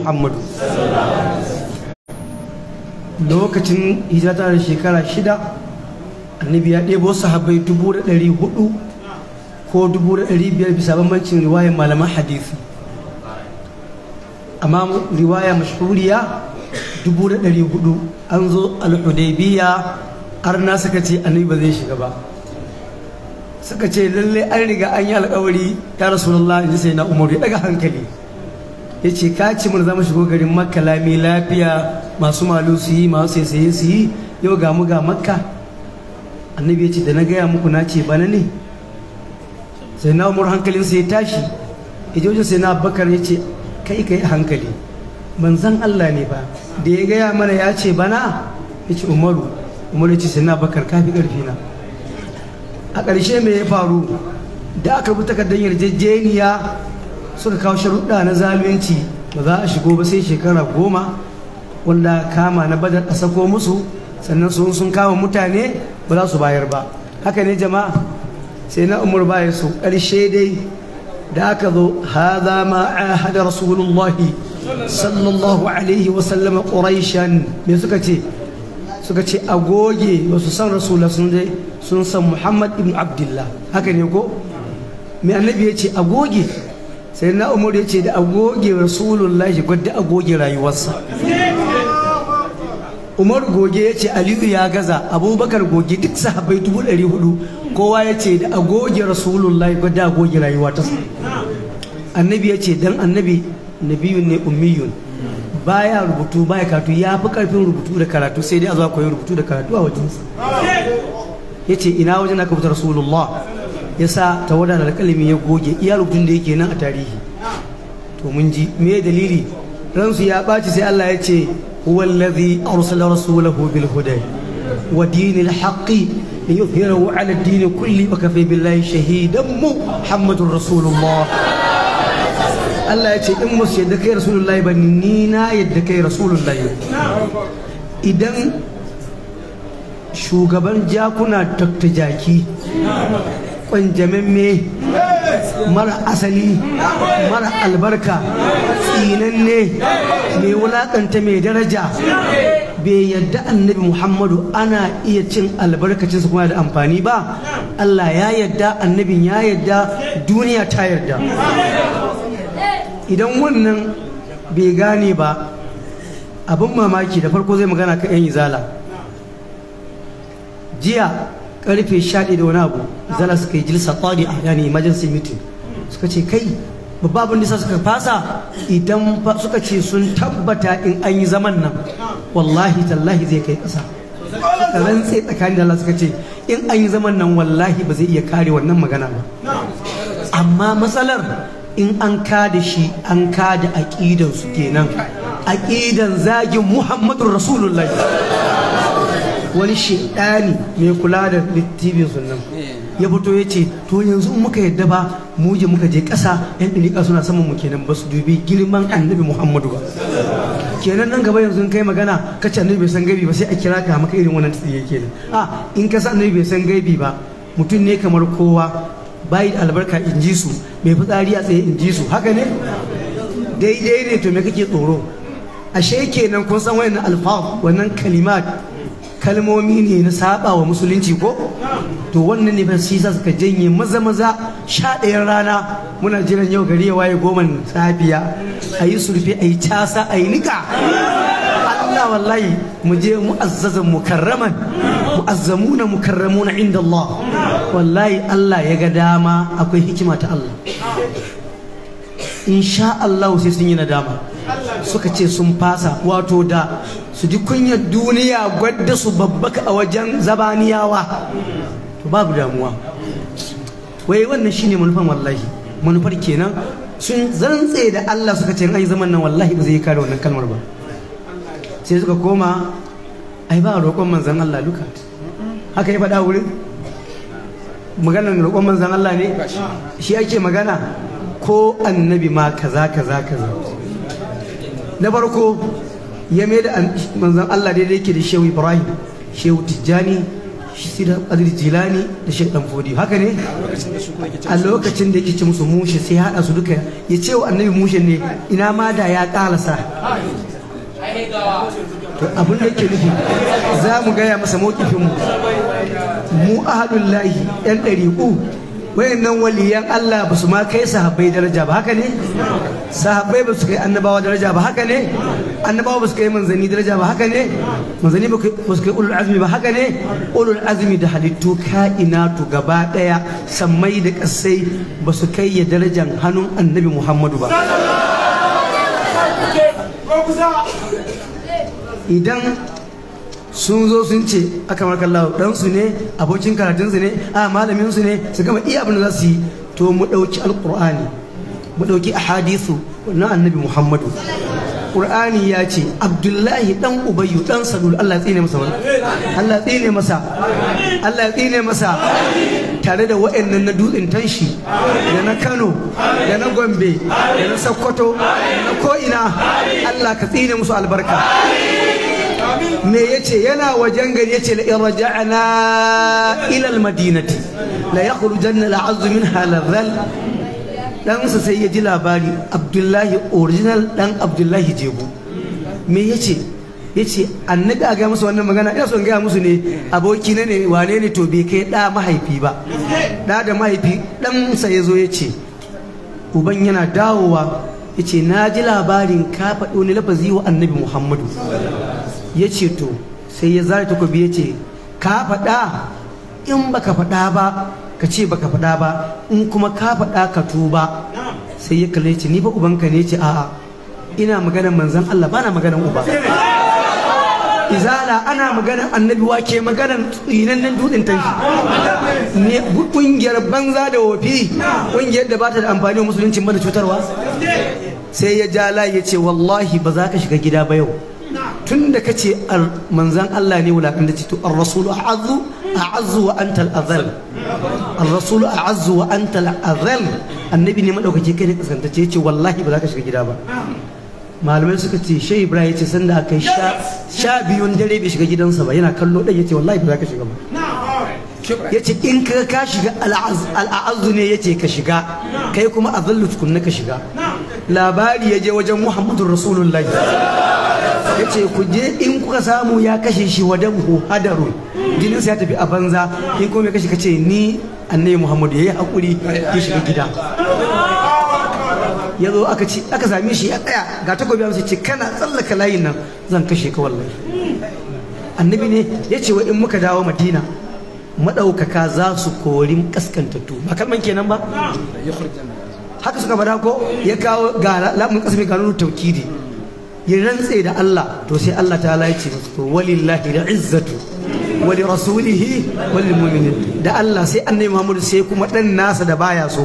Muhammadu lokacin hijata da shekara shida annabi ya ɗebo sahabbai dubu da ɗari hudu ko dubu da ɗari biyar bisa bambancin riwayar malaman hadisi amma riwaya mashahuriya dubu da ɗari hudu an zo al-hudaybiya na suka ce annabi ba zai shiga ba suka ce lallai an riga an yi alkawari ya rasulullah in ji sai na umaru ya hankali ya ce kaci ci mun zama shigo garin makka lami lafiya masu malu su yi masu saye su yi yau ga mu ga makka annabi ya ce da na gaya muku na ce bana ne sai na umar hankalin sai ya tashi ya je wajen sai na Abakar ya ce kai kai hankali manzan allah ne ba da ya gaya mana ya ce bana ya ce umaru umaru ya ce sai na Abakar kafi fi ƙarfi na a ƙarshe me ya faru da aka bi takardar yarjejeniya suka kawo sharuɗa na zalunci ba za a shigo ba sai shekara goma wanda kama na badar a sako musu sannan sun sun kama mutane ba za su bayar ba haka ne jama'a sai na umar baya su ƙarshe dai da aka zo haza ma a hada rasulullahi sallallahu alaihi wa sallama quraishan me suka ce suka ce a goge ba su san rasula sun je sun san muhammad ibn abdullah haka ne ko me annabi ya ce a goge sai na umar ya ce da agoge rasulullahi gwadda agoge rayuwarsa umar goge ya ce aliyu ya gaza abubakar goge duk sahabbai dubu ɗari hudu kowa ya ce da agoge rasulullahi gwadda agoge rayuwa ta annabi ya ce dan annabi nabiyun ne ummiyun baya rubutu baya karatu ya fi karfin rubutu da karatu sai dai a zuwa koyi rubutu da karatu a wajensa ya ce ina wajen aka fita rasulullah ya sa da alƙalami ya goge iya rubutun da yake nan a tarihi to mun ji me dalili ransu ya ɓaci sai Allah ya ce huwallazi arsala rasulahu bil huda wa dinil haqqi liyuzhirahu ala ad kulli wa kafa billahi shahidan muhammadur rasulullah Allah ya ce in musu yadda kai rasulullahi ba ni na yadda kai rasulullahi idan shugaban jakuna takta jaki ƙwanjamamme mara asali mara albarka tsinanne mai wulaƙanta mai daraja bai yadda annabi muhammadu ana iya cin albarkacinsa kuma da amfani ba allah ya yadda annabin ya yadda duniya ta yarda idan wannan bai gane ba abin mamaki da farko zai magana ka 'yan izala jiya karfe 11 da wani abu zala suka yi jilsa a yani emergency meeting suka ce kai babban nisa suka fasa idan suka ce sun tabbata in an yi zaman nan wallahi tallahi zai kai ƙasa suka rantse tsakanin da Allah suka ce in an yi zaman nan wallahi ba zai iya kare wannan magana ba amma matsalar in an ka da shi an kada aƙidansu kenan aƙidan zagin Muhammadu rasulullahi wani shidani mai kula da littibin sunan ya fito ya ce to yanzu in muka yadda ba mu je muka je ƙasa yan ɗariƙa suna saman mu kenan ba su dubi girman annabi muhammadu ba kenan nan gaba yanzu in kai magana ka ce annabi bai san gaibi ba sai a kira ka maka irin wannan tsiye kenan a in ka san annabi bai san gaibi ba mutum ne kamar kowa bayi da albarka in ji su mai fitsari a tsaye in ji su haka ne daidai ne to me kake tsoro ashe kenan kun san wannan alfa wannan kalimat kalmomi ne na saba wa musulunci ko to wannan ne shi sa suka janye maza maza sha ɗayan rana muna jiran yau gari ya waye goma safiya a yi surfe a yi casa a yi nika Allah wallahi mu je mu'azzazan mukarraman mu'azzamuna mukarramuna inda Allah wallahi Allah ya ga dama akwai hikima ta Allah insha Allah sai sun yi na dama suka ce sun fasa wato da su ji kunyar duniya gwadda su babbaka a wajen zabaniyawa to babu damuwa wai wannan shine manufan wallahi manufar kenan sun zantse da Allah suka ce an zaman nan wallahi ba zai kare wannan kalmar ba sai suka koma ai ba roƙon manzan Allah luka haka ya faɗa wurin maganar roƙon manzan Allah ne shi ake magana ko annabi ma kaza kaza kaza na farko ya mai da manzan Allah daidai yake da shehu ibrahim shehu tijjani Shida Adil jilani da shehu dan haka ne a lokacin da yake ci musu mushe sai ya hada su duka ya ce wa annabi mushe ne ina ma da ya kalasa to abin da yake nufi za mu gaya masa mawkifinmu mu ahadullahi yan ɗariƙu wayannan waliyan Allah ba su ma kai sahabbai daraja ba haka ne sahabbai ba su kai annabawa daraja ba haka ne annabawa ba su kai manzani daraja ba haka ne manzani ba su kai ulul azmi ba haka ne ulul azmi da halittu ka'inatu gaba daya sammai da kasai ba su kai ya darajan hannun annabi Muhammadu ba idan sun zo sun ce aka maka Allah ɗansu ne abokin karatunsu ne a malaminsu ne su gama iya abin da za yi to mu ɗauki alƙur'ani mu ɗauki hadisu na annabi muhammadu Ƙur'ani ya ce Abdullahi dan Ubayyu dan sadul Allah tsine masa Allah tsine masa Allah tsine masa tare da wa'annan na dutsen tanshi da na Kano da na Gombe da na Sokoto da na ko'ina Allah ka tsine musu albarka me yace yana wajen gari yace la irja'na ila almadinati la yakhrujanna al'azzu minha ladhal dan sa sai ya ji labari abdullahi original dan abdullahi jego me yace yace annabi a ga musu wannan magana ina son gaya musu ne aboki ne wane ne to bai kai da mahaifi ba da da mahaifi dan sa yazo yace uban yana dawowa yace na ji labarin ka faɗo lafazi wa annabi muhammadu ya ce to sai ya ta kwabi ya ce ka faɗa in ba ka faɗa ba ka ce ba ka faɗa ba in kuma ka faɗa ka tuba sai ya kalle ce ni ba ubanka ne ce a'a ina maganar manzan Allah ba na maganar uba izala ana maganar annabi ke maganar tsinannen dutsen tanki ne kungiyar banza da wofi kungiyar da bata da amfani wa musulunci ba da cutarwa sai ya ja layi ya ce wallahi ba za ka shiga gida ba yau tun da ka ce manzan Allah ne ce to an rasulu a azu wa antal azal an rasulu azu wa antal azal annabi ne maɗaukaki kai ne kasantacce yace wallahi ba za ka shiga gida ba malamai suka ce shai ibrahim yace sanda aka yi sha biyun dare bai shiga gidansa ba yana kallo ya yace wallahi ba za ka shiga ba yace in ka ka shiga al'azu ne yace ka shiga kai kuma a zallu tukunna ka shiga labari ya je wajen muhammadur rasulullahi ya ce ku je in kuka samu ya kashe shi wa dabu hadaru jininsa ya tafi a banza in kuma ya kashe ka ce ni annabi muhammadu ya yi hakuri ya shiga gida ya zo aka ci aka same shi ya tsaya ga takobi amsa ce kana tsallaka layin nan zan kashe ka wallahi annabi ne ya ce wa in muka dawo madina madaukaka za su kori kaskantattu ba kalman kenan ba haka suka fada ko ya kawo ga lamun kasmi kanunu taukidi ya rantse da Allah to sai Allah ta ya ce to walillahi da izzatu wa rasulihi wa lil mu'minin da Allah sai annabi Muhammad sai kuma dan nasa da baya so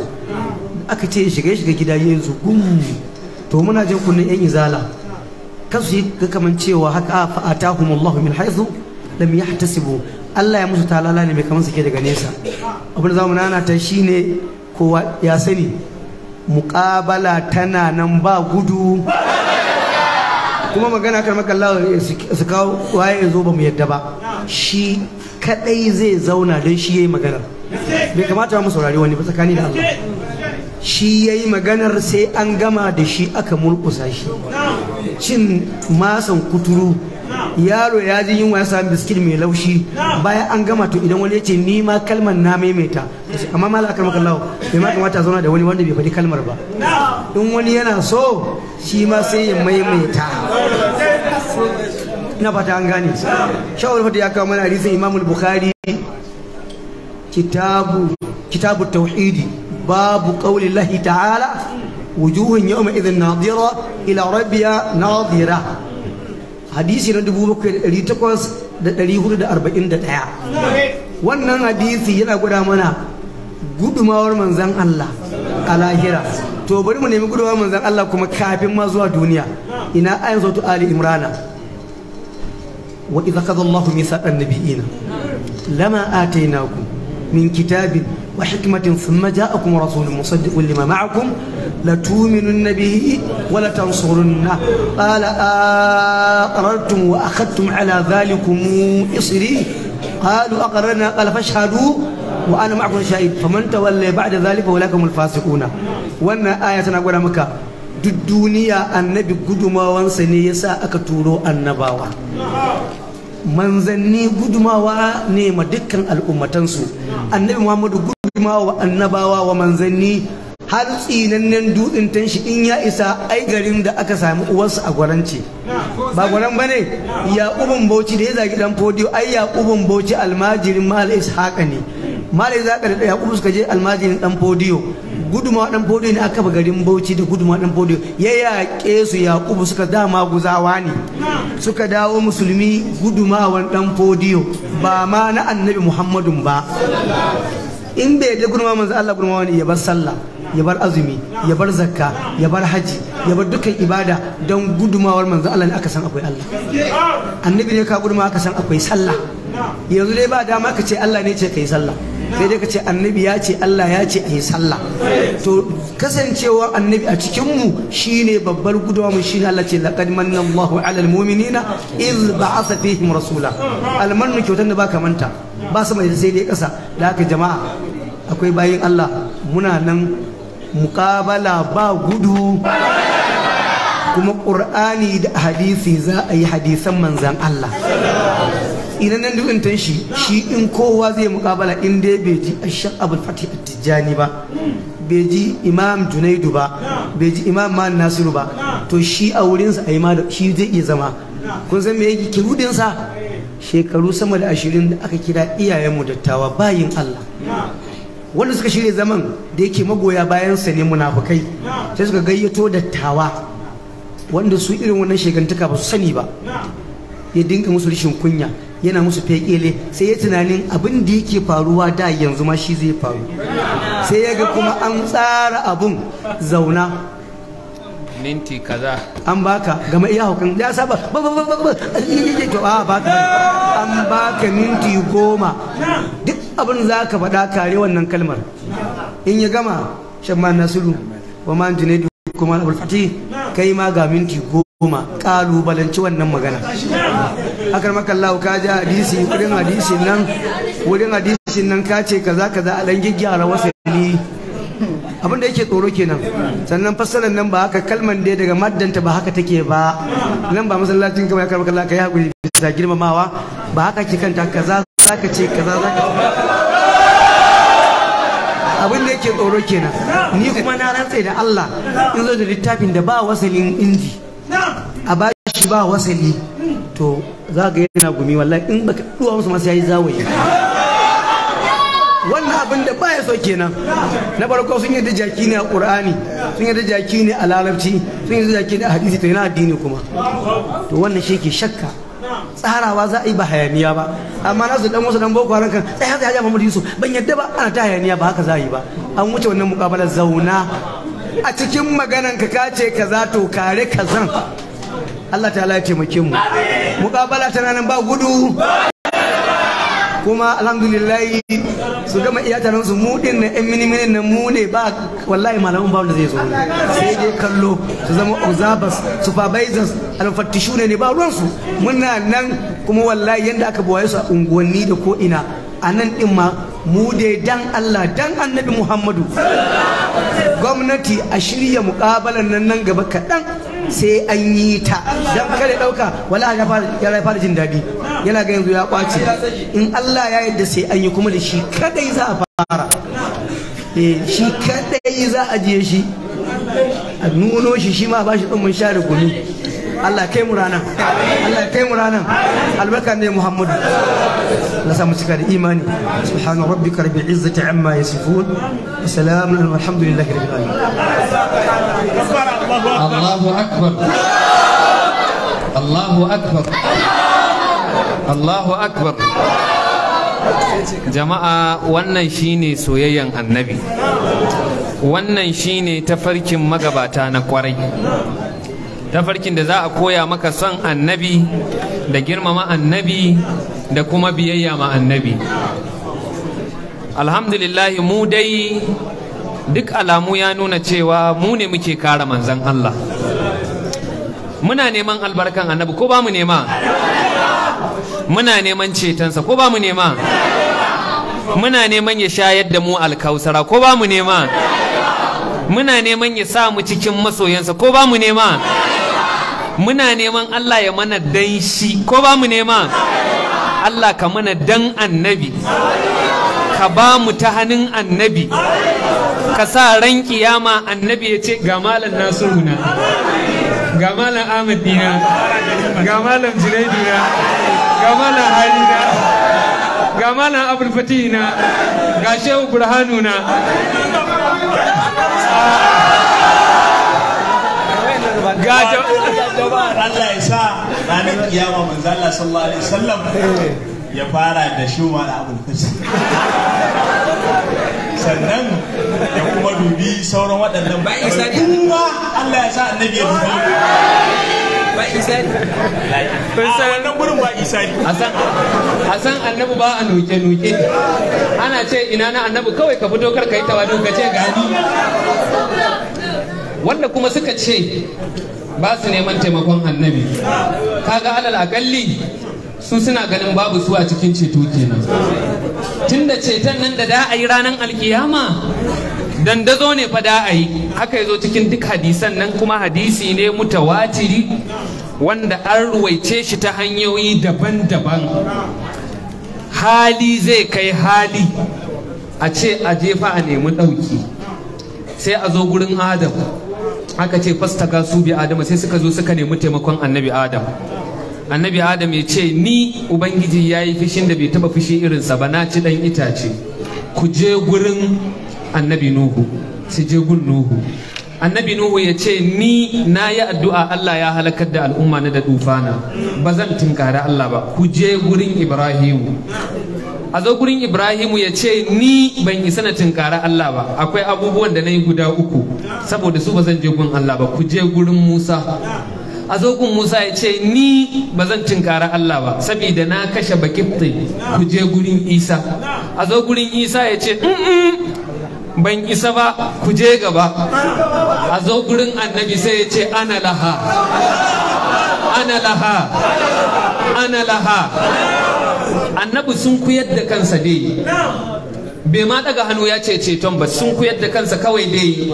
aka ce shiga shiga gida yanzu gum to muna jin kunnin yan izala kasu yi kaman cewa haka fa atahumullahu min haythu lam yahtasibu Allah ya musu talala ne mai kamar suke daga nesa abin zamu nana ta shine kowa ya sani muƙabala tana nan ba gudu kuma magana kar makallawa su kawo waye ya ba mu yadda ba shi kadai zai zauna don shi yayi magana bai kamata mu saurari wani ba tsakani da Allah shi yayi maganar sai an gama da shi aka mulkusa shi cin masan kuturu yaro ya ji yunwa ya samu biskit mai laushi bayan an gama to idan wani ya ce ni ma kalmar na maimaita amma mala akar maka lawo bai ma kamata zauna da wani wanda bai faɗi kalmar ba in wani yana so shi ma sai ya maimaita na fata an gane shawar fata ya kawo mana hadisin imamul bukhari kitabu kitabu tauhidi babu Qawli lahi ta'ala wujuhun yawma idhin nadira ila rabbiya nadira hadisi na ɗaya wannan hadisi yana gwada mana gudumawar manzan Allah a lahira to bari mu nemi gudumawar manzan Allah kuma kafin ma zuwa duniya ina ayin zautu Ali Imrana wa idza qadallahu Allahu mithaqan nabiyina lama atainakum من كتاب وحكمة ثم جاءكم رسول مصدق لما معكم لتؤمنن به ولتنصرنه قال أقررتم وأخذتم على ذلكم إصري قالوا أقررنا قال فاشهدوا وأنا معكم شهيد فمن تولي بعد ذلك فأولئك الفاسقون وأن آية أقول مكة الدنيا النبي قدما وانسني يسا أكتورو النباوة manzanni gudumawa ne ma dukkan al'ummatansu annabi muhammadu gudumawa wa annabawa wa manzanni har tsinannen dutsen tanshi in ya isa ai garin da aka sami uwarsa a gwaranci ba gwaran ba ne yaƙubun bauchi da ya zagi dan fodiyo ai yaƙubun bauchi almajirin mal ishaqa ne mal ishaqa da yaƙubu suka je almajirin dan fodiyo guduma dan podiyo ne aka ba garin bauchi da guduma dan podiyo ya yaƙe su yaƙubu suka dama guzawa ne suka dawo musulmi wan dan podiyo. ba ma na annabi muhammadun ba in bai da guduma manzo Allah guduma wani ya bar sallah ya bar azumi ya bar zakka ya bar haji ya bar dukkan ibada don gudumawar manzo Allah ne aka san akwai Allah annabi ne ka guduma aka san akwai sallah yanzu dai ba dama ka ce Allah ne ce kai sallah sai dai ka ce annabi ya ce Allah ya ce a yi sallah to kasancewa annabi a cikin mu shine babbar gudawa mu shine Allah ce laqad manna Allahu ala almu'minina iz ba'atha fihim rasula almannu kyautan da ba manta ba sama sai dai kasa da haka jama'a akwai bayin Allah muna nan muqabala ba gudu kuma qur'ani da hadisi za a yi hadisan manzan Allah idan nan intan shi shi in kowa zai mukabala in dai bai ji abul fatih tijjani ba bai ji imam junaidu ba bai ji imam man nasiru ba to shi a wurin a yi ma shi zai iya zama kun san me yake sa shekaru sama da ashirin da aka kira iyayenmu dattawa bayin allah wanda suka shirya zaman da yake magoya bayan sa ne munafukai sai suka gayyato dattawa wanda su irin wannan shegantaka ba su sani ba ya dinga musu rishin kunya yana musu fekele sai ya tunanin abin da yake faruwa da yanzu ma shi zai faru sai ya ga kuma an tsara abun zauna ninti kaza an baka gama iya hukan ya saba ba ba ba ba ba to a baka an baka minti goma duk abin za ka faɗa kare wannan kalmar in ya gama shan ma nasiru wa man junaidu kuma al-fatih kai ma ga minti goma goma kalubalanci wannan magana akar makallahu ka ja hadisi wurin hadisin nan wurin hadisin nan ka ce kaza kaza a dan gyaggyara wasu abin da yake tsoro kenan sannan fassarar nan ba haka kalman dai daga maddanta ba haka take ba nan ba masallacin kama ya karɓar kallaka ya haƙuri bisa girmamawa ba haka ke kanta kaza zaka ce kaza zaka abin da yake tsoro kenan ni kuma na rantse da Allah in zo da littafin da ba wasalin inji a ba shi ba wasali to za ga yana gumi wallahi in baka duwa musu masu yayi zawaye wannan abin da baya so kenan na farko sun yi da jaki ne a qur'ani sun yi da jaki ne a larabci sun yi da jaki ne a hadisi to yana addini kuma to wannan shi ke shakka tsarawa za a yi ba hayaniya ba amma na su dan wasu dan boko haram kan tsaya tsaya ya mamuri su ban yadda ba ana ta hayaniya ba haka za a yi ba an wuce wannan mukabalar zauna a cikin maganan ka kace za to kare kazan Allah ta ya taimake mu muƙabala tana nan ba gudu kuma alhamdulillah su gama nan su mu din na yan mini-mini na mu ne ba wallahi malamin ba wanda zai zo sai dai kallo su zama observers supervisors alfattishu ne ba ruwansu muna nan kuma wallahi yanda aka buwaye su a unguwanni da ko ina a nan ɗin ma mu dai dan Allah dan annabi Muhammadu gwamnati a shirya muƙabalar nan nan gaba kaɗan sai an yi ta dan kare ɗauka wala ya fara jin daɗi yana ga yanzu ya ƙwace in Allah ya yadda sai an yi kuma da shi kadai za a fara eh, shi kadai za a je shi a nuno shi shi ma ba shi ɗin mun share gumi Allah kai mu ranan Allah kai mu ranan albarka ne Muhammadu Allah samu cika da imani subhana rabbika rabbil izzati amma yasifun wa salamun alhamdulillahi rabbil alamin Allahu akbar Allahu akbar Allahu akbar jama'a wannan shine soyayyen annabi wannan shine tafarkin magabata na kwarai Ta farkin da za a koya maka son annabi da girmama annabi da kuma biyayya ma annabi alhamdulillahi mu dai duk alamu ya nuna cewa mu ne muke kara manzan Allah muna neman albarkan annabi ko ba mu nema muna neman cetonsa ko ba mu nema muna neman ya shayar da mu alkausara ko ba mu nema muna neman ya sa mu cikin masoyansa ko ba mu nema muna neman Allah ya mana dan shi ko ba mu nema Allah ka mana dan annabi ka ba mu ta hannun annabi ka sa ran kiyama annabi ya ce ga malam nasiru na ga malam ahmad dina ga malam junaidu na ga malam halina ga malam abul fatih ga shehu burhanu ga ranar kiyama wasallam ya fara da shi malam sannan ya kuma dubi sauran waɗannan bayan Allah ya sa annabi ya dubi wannan gurin ba isari a san annabi ba a noke-noke ana ce ina na annabi kawai ka fito ka yi tawadu ka ce gani wanda kuma suka ce ba su neman taimakon annabi kaga alal akalli su suna ganin babu su a cikin ceto kenan tunda ceton nan da da a yi ranar alkiyama dandazo ne fa da a yi haka yazo cikin duk hadisan nan kuma hadisi ne mutawatiri wanda an ruwaice shi ta hanyoyi daban-daban hali zai kai hali a ce a jefa a nemi ɗauki sai a zo gurin adam aka ce fastaka su bi adam sai suka zo suka nemi taimakon annabi adam annabi adam ya ce ni ubangiji ya yi fishin da bai taba fishi irinsa ba na ci ɗan itace ku je gurin annabi nuhu su je gun nuhu annabi nuhu ya ce ni na yi addu'a Allah ya halakar da al'umma na da dufana ba zan tinkari Allah ba ku je gurin ibrahimu a zo gurin ibrahimu ya ce ni ban isa na tinkari Allah ba akwai abubuwan da na yi guda uku saboda su ba zan je gun Allah ba ku je gurin musa a zo gun musa ya ce ni ba zan tinkari Allah ba saboda na kashe bakifti ku je gurin isa a zo gurin isa ya ce ban isa ba ku je gaba a zo gurin annabi sai ya ce ana laha ana laha ana laha annabi sun ku da kansa dai bai ma daga hannu ya ce ceton ba sun ku da kansa kawai dai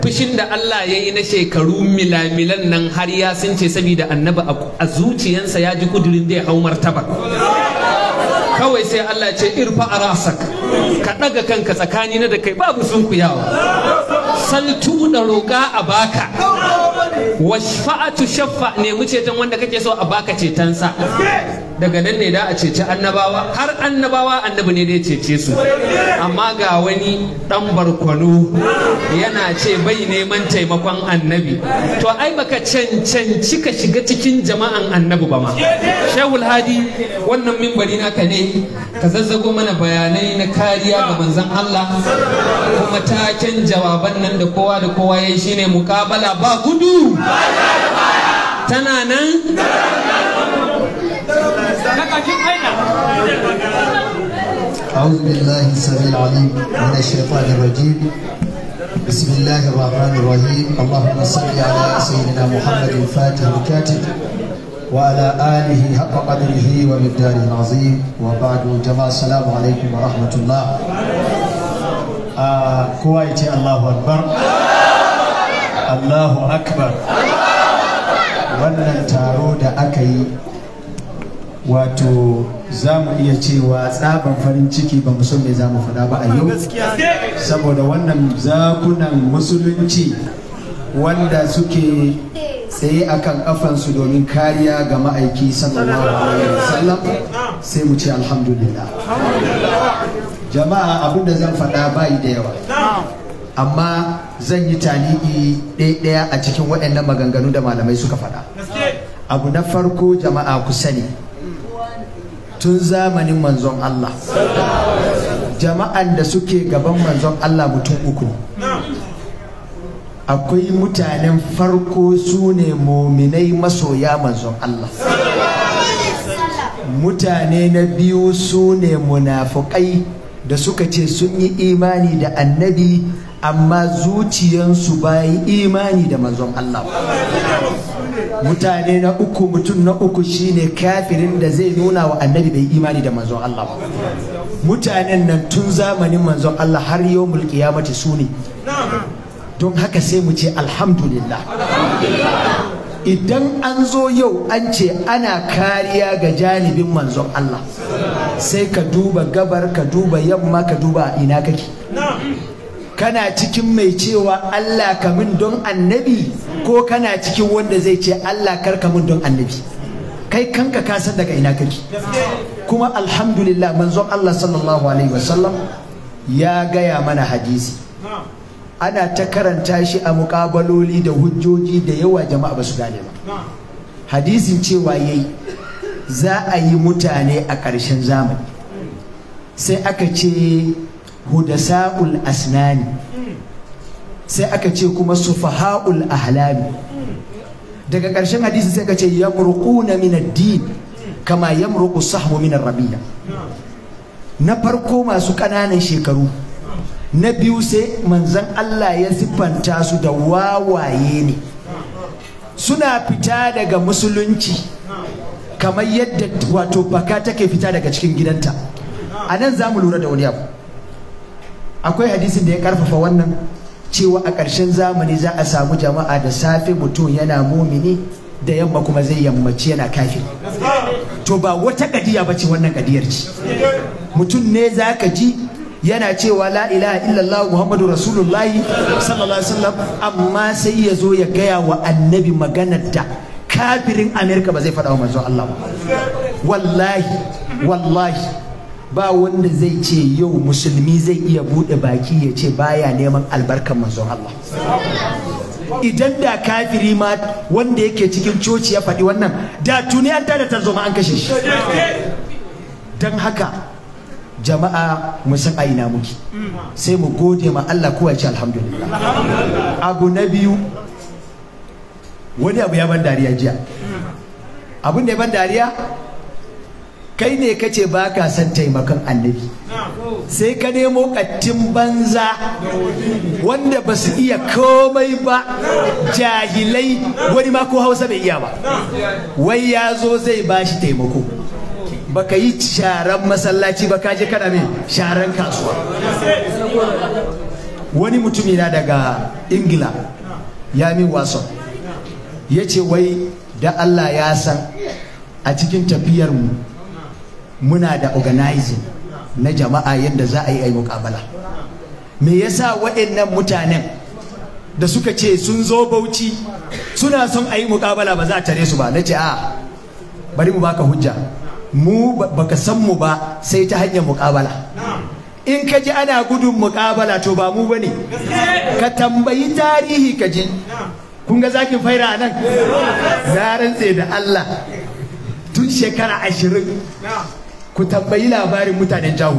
fushin da Allah ya yi na shekaru milamilan nan har ya sun ce saboda annabi a zuciyansa ya ji kudurin dai hau martaba kawai sai Allah ce irfa a rasak ka ɗaga kanka tsakani na da kai babu sunkuyawa saltu da roƙa a baka washfa'atu shaffa nemi ceton wanda kake so a baka cetonsa daga nan ne da a ceci annabawa har annabawa annabi ne da ya cece su amma ga wani dan barkwano yana ce bai neman taimakon annabi to ai baka cancanci ka shiga cikin jama'an annabi ba ma shehul hadi wannan mimbari naka ne ka zazzago mana bayanai na kariya ga manzon Allah kuma taken jawaban nan da kowa da kowa yayi shine mukabala ba gudu tana nan أعوذ بالله السميع العليم من الشيطان الرجيم بسم الله الرحمن الرحيم اللهم صل على سيدنا محمد الفاتح الكاتب وعلى آله حق قدره ومقداره العظيم وبعد جماعة السلام عليكم ورحمة الله آه كويتي الله أكبر الله أكبر wannan taro da aka yi wato za mu iya cewa tsaban farin ciki ba san mai za mu faɗa ba a yau saboda wannan zakunan musulunci wanda suke tsaye akan kafansu domin kariya ga ma'aiki sallallahu alaihi sai mu ce alhamdulillah jama'a da zan faɗa bayi da yawa amma zan yi tali'i ɗaya a cikin waɗannan maganganu da malamai suka faɗa abu na farko jama'a ku sani tun zamanin manzon Allah jama'an da suke gaban manzon Allah mutum uku akwai mutanen farko su ne mominai masoya manzon Allah mutane na biyu su ne munafukai da suka ce sun yi imani da annabi amma zuciyansu bayi imani da manzon Allah mutane na uku mutum na uku shine kafirin da zai nuna wa annabi bai imani da manzon Allah mutanen nan tun zamanin manzon Allah har yau mulki ya mace su ne don haka sai mu ce alhamdulillah idan an zo yau an ce ana kariya ga janibin manzon Allah sai ka duba gabar ka duba yamma ka duba ina kake kana cikin mai cewa Allah kamin don annabi ko kana cikin wanda zai ce Allah kar min don annabi kai kanka ka san daga ina kake kuma alhamdulillah manzon Allah sallallahu alaihi wasallam ya gaya mana hadisi ana ta karanta shi a mukabaloli da hujjoji da yawa jama'a ba su gane ba hadisin cewa yayi za a yi mutane a ƙarshen zamani sai aka ce hudasa'ul asnani sai aka ce kuma sufaha'ul ahlami daga ƙarshen hadisi sai aka ce yamruquna min ad-din kama yamruqu sahmu min rabiya na farko masu ƙananan shekaru na biyu sai manzan Allah ya siffanta su da wawaye ne suna fita daga musulunci kamar yadda wato baka take fita daga cikin gidanta a nan za mu lura da wani abu akwai hadisin da ya karfafa wannan cewa a ƙarshen zamani za a samu jama'a da safe mutum yana mumini da yamma kuma zai yammaci yana kafin to ba wata gadiya ba ce wannan gadiyar ce mutum ne za ka ji yana cewa la ilaha illallah muhammadu rasulullahi sallallahu alaihi wasallam amma sai ya zo ya gaya wa annabi maganar da kafirin amerika ba zai faɗa wa manzon Allah ba wallahi wallahi ba wanda zai ce yau musulmi zai iya buɗe baki ya ce baya neman albarkar manzon Allah idan da kafiri ma wanda yake cikin coci ya faɗi wannan da tuni an tada tarzoma an kashe shi don haka jama'a mu aina muke sai mu gode ma Allah kowa ya ce alhamdulillah abu na biyu wani abu ya ban dariya jiya abun da ban dariya kai ne ka ce ba ka son taimakon annabi sai ka nemo kattin banza wanda ba su iya komai ba jahilai wani ma ko hausa bai iya ba wai ya zo zai bashi taimako baka yi sharan masallaci ba ka je kada mai sharan kasuwa wani mutum yana daga ingila ya min wasan ya ce wai da allah ya san a cikin tafiyarmu muna da organizing na jama'a yadda za a yi a yi mukabala me yasa waɗannan mutanen da suka ce sun zo bauchi suna son a yi mukabala ba za a tare su ba na ce a bari mu baka hujja mu baka san mu ba sai ta hanyar muƙabala in ka ji ana gudun muƙabala to ba mu bane ka tambayi tarihi ka ji kun ga zakin faira nan eh. na rantse da Allah tun shekara ashirin ku tambayi labarin mutanen jahu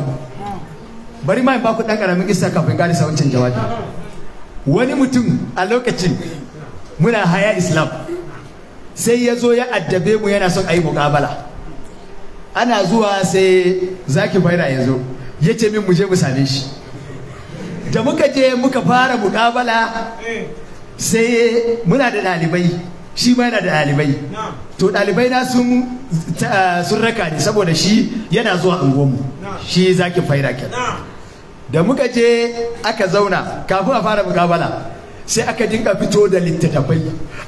bari ma ba ku ɗan ƙaramin isa kafin gane sawancin jawabi wani mutum a lokacin muna haya islam sai ya zo ya addabe mu yana son a yi muƙabala ana zuwa sai zaki faira ya zo ya ce min muje mu same shi da muka je muka fara mukabala sai muna da ɗalibai shi ma yana da ɗalibai to ɗalibai na sun sun raka ne saboda shi yana zuwa unguwanmu shi zaki faira ke da muka je aka zauna kafin a fara mukabala sai aka dinga fito da littattafai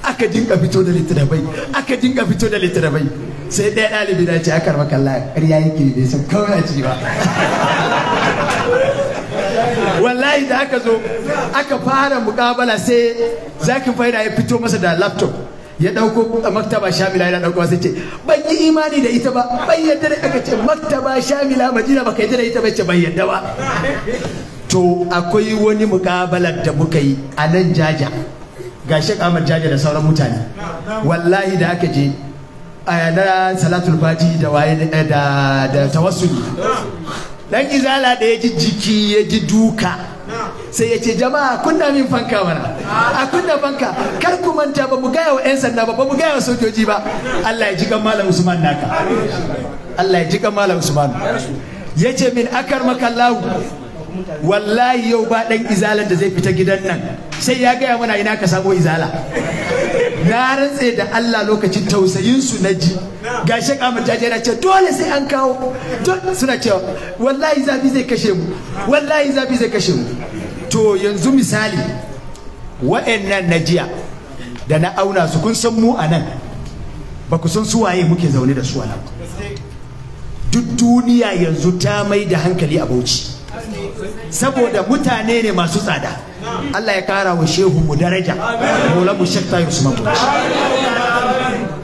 aka dinga fito da littattafai aka dinga fito da littattafai sai ɗaya ɗalibi na ce akar makalla ƙarya yake bai san kawai a ciki ba wallahi da aka zo aka fara mukabala sai zakin faida ya fito masa da laptop ya ɗauko a maktaba shamila yana ɗauko sai ce ban yi imani da ita ba ban yadda da aka ce maktaba shamila ba ka yadda da ita ba ce ban yadda ba to akwai wani mukabalar da muka yi a nan jaja ga Sheikh Jaja da sauran mutane wallahi da aka je na salatul fati da waye eh, da da tawassuli dan izala da ya ji jiki ya ji duka sai ya ce jama'a kunna min fanka mana a kunna fanka kar ku manta ba mu gaya wa 'yan sanda ba ba mu gaya wa sojoji ba Allah ya ji kan malam Usman naka Allah ya ji kan malam Usman ya ce min akar makallahu wallahi yau ba dan izalan da zai fita gidan nan sai ya gaya mana ina ka samo izala na rantse da Allah lokacin tausayin su na ji ga shek Ahmad ta jera ce dole sai an kawo suna cewa wallahi zafi zai kashe mu wallahi zafi zai kashe mu to yanzu misali wa'annan na jiya da na auna su kun san mu a nan ba ku san suwaye muke zaune da su a nan duk duniya yanzu ta mai da hankali a bauchi saboda mutane ne masu tsada Allah ya kara wa shehu mu daraja mola mu shakta yusma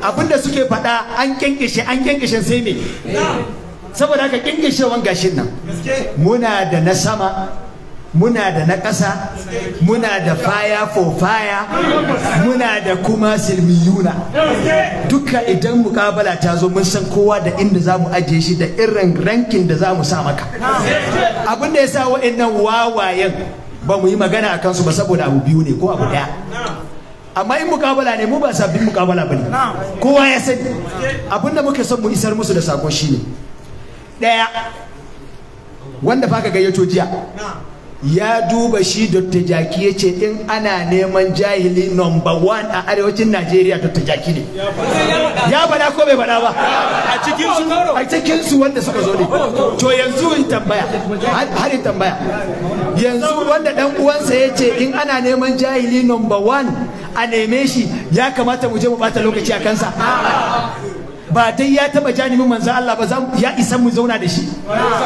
abinda suke faɗa an kinkishe an kinkishe sai me saboda haka kyankishewan gashin nan muna da na sama muna da na ƙasa muna da faya for faya muna da kuma silmiyuna duka idan mukabala ta zo mun san kowa da inda za mu ajiye shi da irin rankin da za mu sa maka abinda ya sa wa'annan wawayen ba mu yi magana a kansu ba saboda abu biyu ne ko abu daya amma in mukabala ne mu ba sabbin mukabala ba ne kowa ya sani abinda muke son mu isar musu da sakon shi ne daya wanda fa ka gayyato jiya ya duba shi Dr. Jaki ya ce in ana neman jahili number one a arewacin Najeriya Dr. Jaki ne. Ya bada ko bai bada ba? A cikinsu? A wanda suka zo ne. To yanzu in tambaya, har in tambaya. Yanzu wanda dan uwansa ya ce in ana neman jahili number one a neme shi ya kamata mu je mu bata lokaci a kansa. ba dai ya taba janibin manzo Allah ba za mu ya isa mu zauna da shi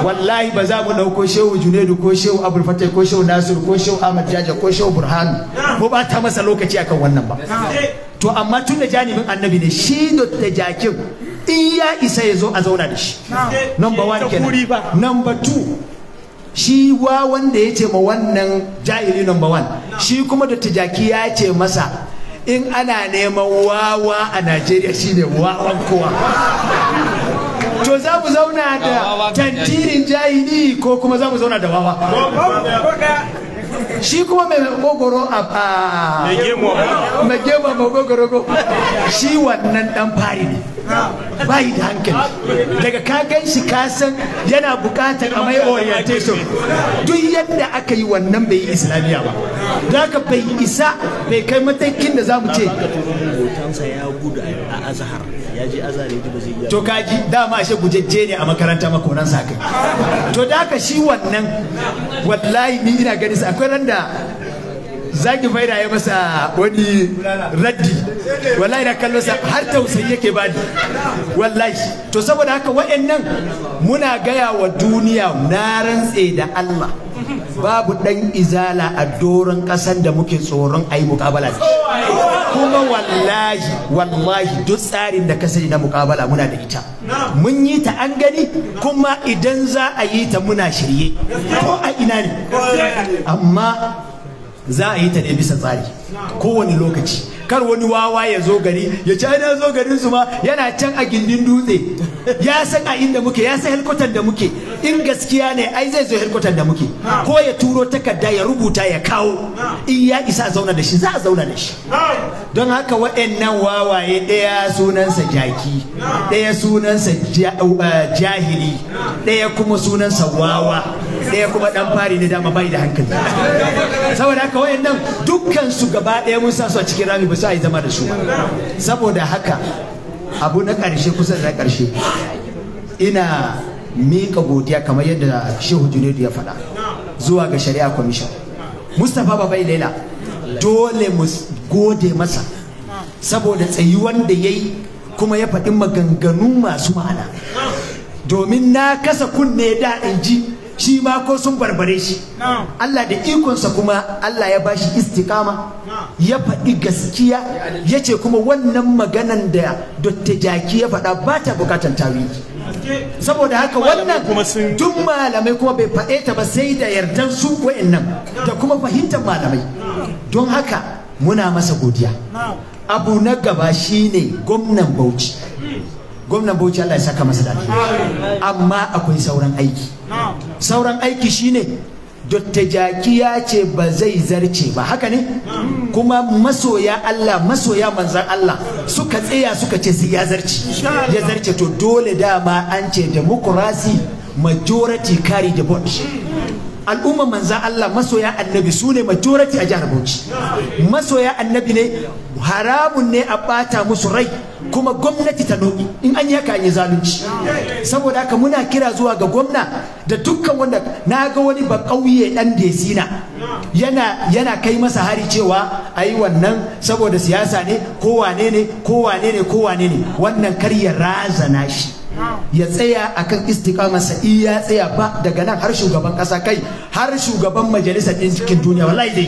wallahi ba za mu dauko shehu Junaidu ko shehu abul fatai ko shehu Nasir ko shehu Ahmad Jaja ko shehu Burhan ko ba ta masa lokaci akan wannan ba to amma tun da janibin annabi ne shi da jakin in ya isa ya zo a zauna da shi number 1 kenan number 2 shi wa wanda ya ce ma wannan jahili number 1 shi kuma da tijaki ya ce masa in ana neman wawa a najeriya shine wawan kowa to za mu zauna da tantirin jahili ko kuma za mu zauna da wawa shi kuma mai gogoro a mai gema mai gogoro ko shi wannan dan fari ne bayi da hankali daga ka gan shi ka san yana bukatar a mai orientation duk yadda aka yi wannan bai yi islamiyya ba da ka bai isa bai kai matakin da za mu ce ya gudu a azhar ya azare ji ba zai iya to kaji dama ashe gujejje ne a makaranta makonan sa kai to da haka shi wannan wallahi ni ina ganin sa akwai ran da zaki faida ya masa wani raddi wallahi na kallon sa har tausayi yake bani wallahi to saboda haka wa'annan muna gaya wa duniya na rantse da Allah babu dan izala a doron ƙasar da muke tsoron a yi mukabala da kuma wallahi wallahi duk tsarin da kasari na mukabala muna da ita mun yi ta an gani kuma idan za a yi ta muna shirye ko a ina ne amma za a yi ta ne bisa tsari kowane lokaci kar wani wawa ya zo gari ya ci na zo garin su ma yana can a gindin dutse ya san a inda muke ya san helkwatar da muke in gaskiya ne ai zai zo helkwatar da muke ko ya turo takarda ya rubuta ya kawo in ya isa zauna da shi za a zauna da shi don haka waɗannan wawaye ɗaya sunansa jaki ɗaya sunansa uh, jahili ɗaya kuma sunansa wawa ɗaya kuma ɗan fari ne dama bai da hankali saboda haka waɗannan dukkan su gaba ɗaya mun sa su a cikin rami ba su a yi zama da su ba saboda haka abu na ƙarshe kusan na ƙarshe ina miƙa godiya kamar yadda shehu junaidu ya faɗa zuwa ga shari'a commission mustapha bai laila dole mu gode masa saboda tsayuwan da ya yi kuma ya faɗi maganganu masu ma'ana domin na kasa kunne da in ji shi ma ko sun barbare shi Allah da ikonsa kuma Allah ya bashi istikama ya faɗi gaskiya ya ce kuma wannan maganan da Jaki ya faɗa ba ta bukatan tawili saboda haka wannan tun malamai kuma bai faɗe ta ba sai da yardan su nan da kuma fahimtar malamai don haka muna masa godiya abu na gaba shine gwamnan bauchi hmm. gwamnan bauchi Allah ya saka masa daɗi amma akwai sauran aiki sauran aiki shine dotta jaki ya ce ba zai zarce ba haka ne kuma masoya Allah masoya manzan Allah suka tsaya suka ce zai ya zarce ya zarce to dole dama an ce demokrasi majority carry the vote al'umma manzan Allah masoya annabi su ne majority a jihar Bauchi masoya annabi ne haramun ne a bata musu rai kuma gwamnati ta nomi in an yi haka an yi zalunci saboda haka muna kira zuwa ga gwamna da dukkan wanda na ga wani ba ƙauye ɗan desina yana yana kai masa hari cewa a yi wannan saboda siyasa ne ko wane ne ko wane ne ko wane ne wannan kar razana shi ya tsaya akan istiqamarsa in ya tsaya ba daga nan har shugaban kasa kai har shugaban majalisar cikin duniya wallahi dai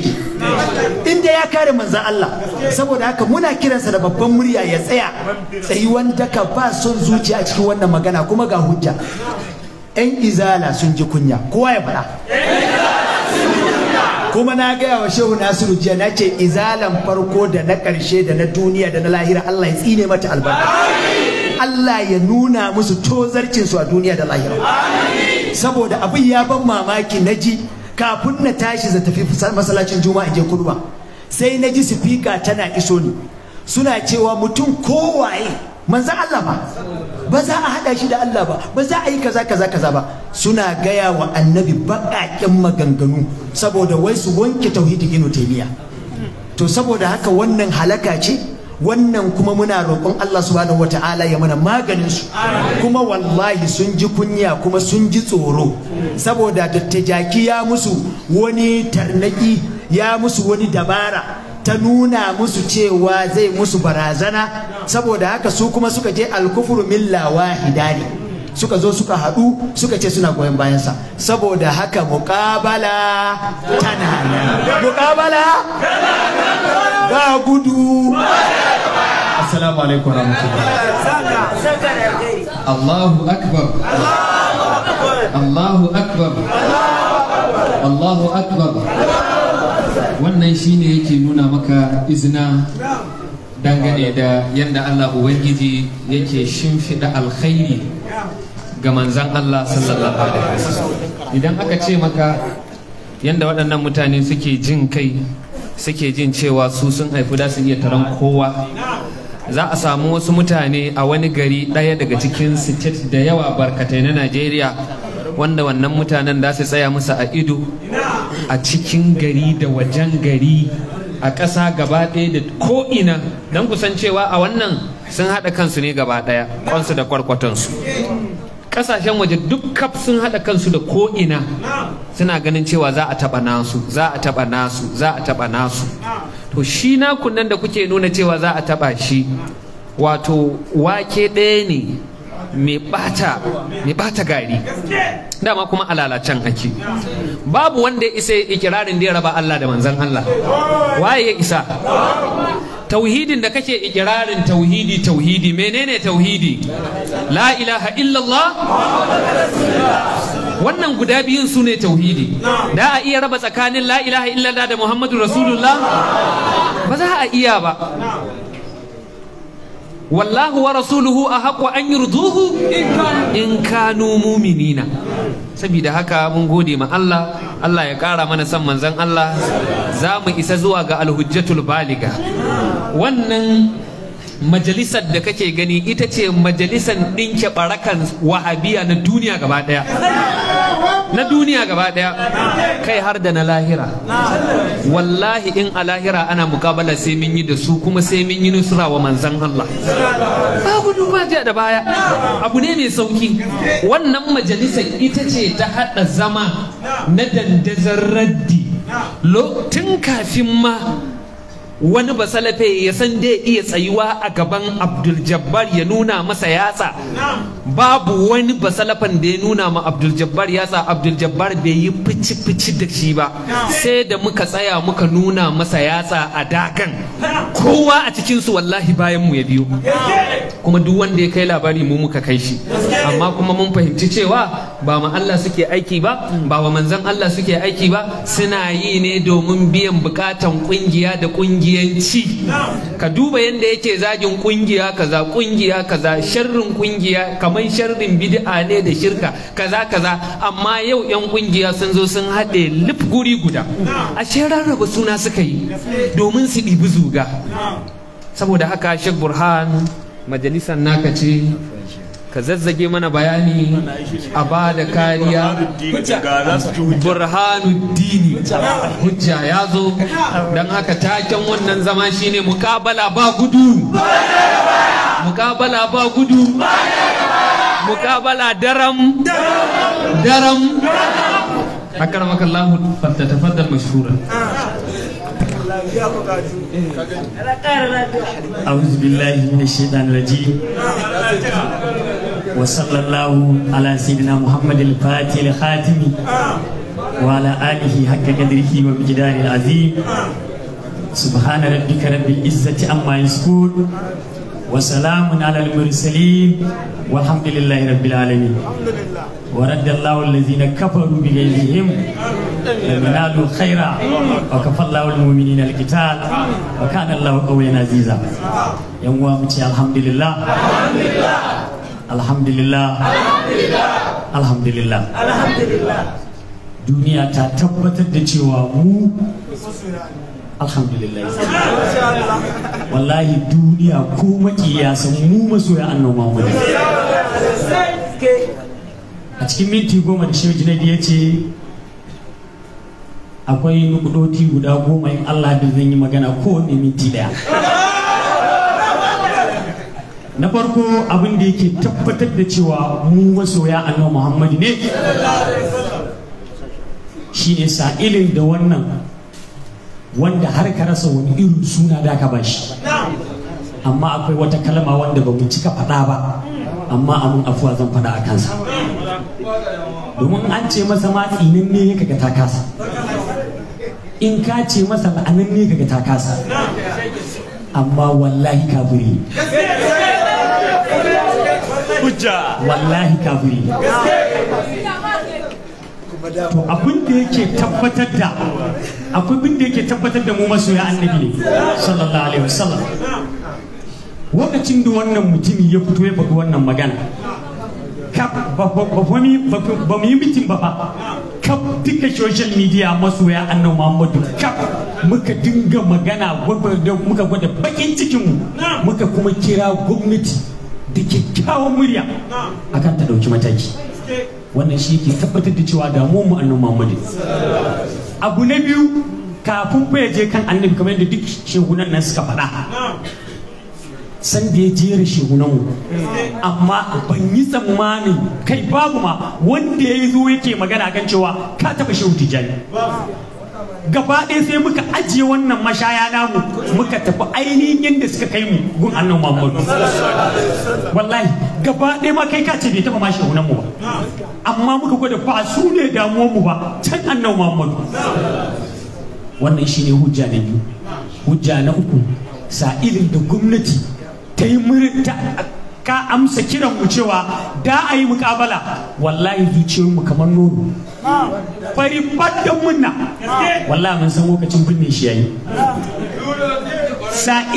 in dai ya kare manzan Allah saboda haka muna kiransa da babban murya ya tsaya wanda ka ba son zuciya a cikin wannan magana kuma ga hujja yan izala sun ji kunya kowa ya faɗa kuma na gaya wa shehu nasiru jiya na ce izalan farko da na ƙarshe da na duniya da na lahira Allah ya tsine mata albarka Allah ya nuna musu tozarcin su a duniya da lahira saboda abin ya ban mamaki na ji kafin na tashi za tafi masallacin juma'a je kurba sai na ji sifika tana iso ni suna cewa mutum kowaye manzan Allah ba ba za a haɗa shi da Allah ba ba za a yi kaza kaza kaza ba suna gaya wa annabi baƙaƙen maganganu saboda wai su wanke tauhidi gino taimiya to saboda haka wannan halaka ce wannan kuma muna roƙon Allah subhanahu wata'ala ya mana maganin su kuma wallahi sun ji kunya kuma sun ji tsoro saboda dattajaki ya musu wani tarnaki ya musu wani dabara ta nuna musu cewa zai musu barazana saboda haka su kuma suka je alkufuru milla wahida ne suka zo suka haɗu suka ce suna goyon bayansa saboda haka muƙabala tana muƙabala ba gudu assalamu alaikum warahmatullahi Allahu akbar Allahu akbar Allahu akbar wannan shine yake nuna maka izina dangane da yadda Allah Ubangiji yake shimfiɗa alkhairi ga manzan Allah sallallahu alaihi wasallam idan aka ce maka yadda waɗannan mutane suke jin kai suke jin cewa su sun haifi da su iya taron kowa za a samu wasu mutane a wani gari ɗaya daga cikin state da yawa barkatai na Najeriya wanda wannan mutanen da su tsaya musu a ido a cikin gari da wajen gari a ƙasa gaba ɗaya da ko'ina don kusan cewa a wannan sun haɗa kansu ne gaba ɗaya kwansu da kwarkwatonsu ƙasashen waje duk kaf sun haɗa kansu da ko'ina suna ganin cewa za a taɓa nasu za a taɓa nasu za a taɓa nasu to shi naku nan da kuke nuna cewa za a taɓa shi wato wake ɗaya ne mai bata mai bata gari dama kuma alalacen ake babu wanda ya isa ikirarin da ya raba Allah da manzan Allah waye ya isa tauhidin da kake ikirarin tauhidi tauhidi menene tauhidi la ilaha illallah wannan guda biyun su ne tauhidi da a iya raba tsakanin la ilaha illallah da muhammadu rasulullah ba za a iya ba wallahu wa rasuluhu a haƙo an yi ruduhu in kanu muminina saboda haka mun gode ma Allah Allah ya ƙara mana san manzan Allah za mu isa zuwa ga alhujjatul baliga wannan majalisar da kake gani ita ce majalisar ɗinke barakan wahabiya na duniya gaba ɗaya na duniya gaba ɗaya kai har da na lahira wallahi in a lahira ana mukabala sai mun yi da su kuma sai mun yi nusra wa manzan Allah ba gudu jiya da baya abu ne mai sauki wannan majalisar ita ce ta haɗa zama na dandazon raddi tun kafin ma wani basalafe ya san dai iya tsayuwa a gaban abdul jabbar ya nuna masa yatsa babu wani basalafan da ya nuna ma abdul jabbar yatsa abdul jabbar bai yi fici fici da shi ba sai da muka tsaya muka nuna masa yatsa a dakan kowa a cikinsu wallahi bayan mu ya biyu. kuma duk wanda ya kai labari mu muka kai shi amma kuma mun fahimci cewa ba ma Allah suke aiki ba ba wa manzon Allah suke aiki ba suna yi ne domin biyan bukatan kungiya da kungiya kungiyanci ka duba yadda yake zagin kungiya kaza kungiya kaza sharrin kungiya kamar sharrin bid'a ne da shirka kaza kaza amma yau yan kungiya sun zo sun haɗe lif guri guda ashe rarraba suna suka yi domin su ɗibi zuga saboda haka shek burhan majalisar naka ce ka zazzage mana bayani a ba da kariya burhanuddini hujja ya zo don haka taken wannan zama shine mukabala ba gudu mukabala ba gudu mukabala daram daram akarmaka Allah fanta tafaddal mashhura أعوذ بالله من الشيطان الرجيم وصلى الله على سيدنا محمد الفاتح الخاتم وعلى آله حق قدره ومقداره العظيم سبحان ربك رب العزة عما يصفون وسلام على المرسلين والحمد لله رب العالمين ورد الله الذين كفروا بغيظهم لم ينالوا خيرا وكفى الله المؤمنين القتال وكان الله قويا عزيزا يوم الحمد لله الحمد لله alhamdulillah alhamdulillah alhamdulillah duniya ta tabbatar da cewa mu alhamdulillah wallahi duniya ko makiya san mu masoya annabi Muhammad a cikin minti goma da shehu jinadi ya ce akwai nukudoti guda goma in Allah da zan yi magana kowane minti daya na farko abin da yake tabbatar da cewa mu masoya annabi muhammadu ne Shi shine sa'ilin da wannan wanda har ka rasa wani irin suna da ka bashi amma akwai wata kalma wanda ba mu cika faɗa ba amma mun afuwa zan faɗa a kansa domin an ce masa ma nan ne kaga ta kasa in ka ce masa la'anan ne kaga ta kasa amma wallahi kafiri hujja wallahi kafiri to abin da yake tabbatar da akwai abin da yake tabbatar da mu masoya annabi sallallahu alaihi wasallam lokacin da wannan mutumi ya fito ya faɗi wannan magana ba mu yi mitin ba fa kaf duka social media masoya annan muhammadu kaf muka dinga magana muka gwada bakin cikinmu muka kuma kira gwamnati da kyakkyawan murya A kan ta ɗauki mataki wannan shi ke tabbatar da cewa damuwar mu annabi Muhammadu abu na biyu kafin fa je kan annabi kamar yadda duk shehunan nan suka faɗa san da ya jera shehunan mu amma ban yi tsammanin kai babu ma wanda ya zo yake magana kan cewa ka taɓa shehu tijani gaba ɗaya sai muka ajiye wannan mashaya namu muka tafi ainihin yadda suka kai mu gun annan Muhammadu wallahi gaba ɗaya ma kai kace bai taɓa ma shehunan mu ba amma muka gwada ba su ne damuwar mu ba can annan Muhammadu wannan shi ne hujja na biyu hujja na uku sa'ilin da gwamnati ta yi murta ka amsa kiran mu cewa da a yi mukabala wallahi zuciyoyin mu kamar nono fari baddan munna wallahi mun san lokacin binne shi yayi